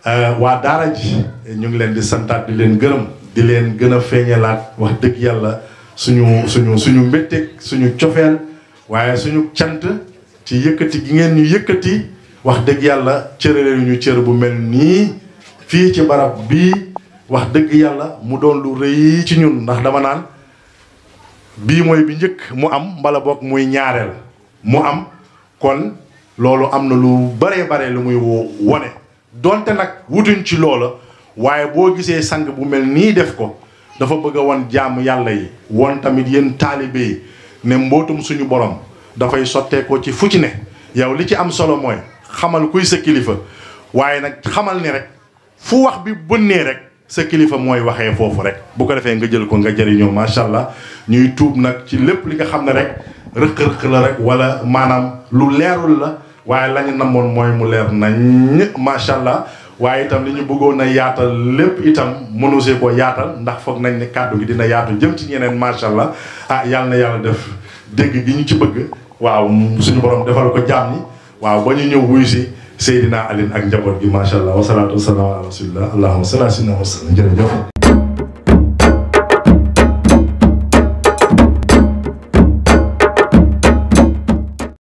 Euh, waa daara ji ñu ngi leen di santaat di leen gërëm di leen gën a feeñalaat wax dëgg yàlla suñu suñu suñu mbétteeg suñu cofeel waaye suñu cant ci yëkkati gi ngeen ñu yëkkati wax dëgg yàlla cërale ñu cër bu mel nii fii ci barab bii wax dëgg yàlla mu doon lu rëy ci ñun ndax dama naan bii mooy bi njëkk mu am mbala boog muy ñaareel mu am kon loolu am na lu bare bare lu muy wone donte nag wutuñ ci loola waaye boo gisee sang bu mel nii def ko dafa bëgg a won jàmm yàlla yi won tamit yéen taalibe yi ne mbootum suñu borom dafay sotteekoo ci fu ci ne yow li ci am solo mooy xamal kuy sa kilifa waaye nag xamal ni rek fu wax bi bënnee rek sa kilifa mooy waxee foofu rek bu ko defee nga jël ko nga jëriñoo macha allah ñuy tuub nag ci lépp li nga xam ne rek rëq-rëq la rek wala maanaam lu leerul la waaye la ñu namoon mooy mu leer nañ macha allah waaye itam li ñu bëggoon a yaatal lépp itam mënusee ko yaatal ndax foog nañ ni kàddu gi dina yaatu jëm ci ñeneen macha allah ah yàlla na yàlla def dégg gi ñu ci bëgg waaw suñu borom defal ko jaam ñi waaw ba ñu ñëw wuyu si Seydina Aline ak njaboot gi macha allah wasalaatu wasalaam ala rasulillah allahumma salli ala sayyidina wa jërëjëf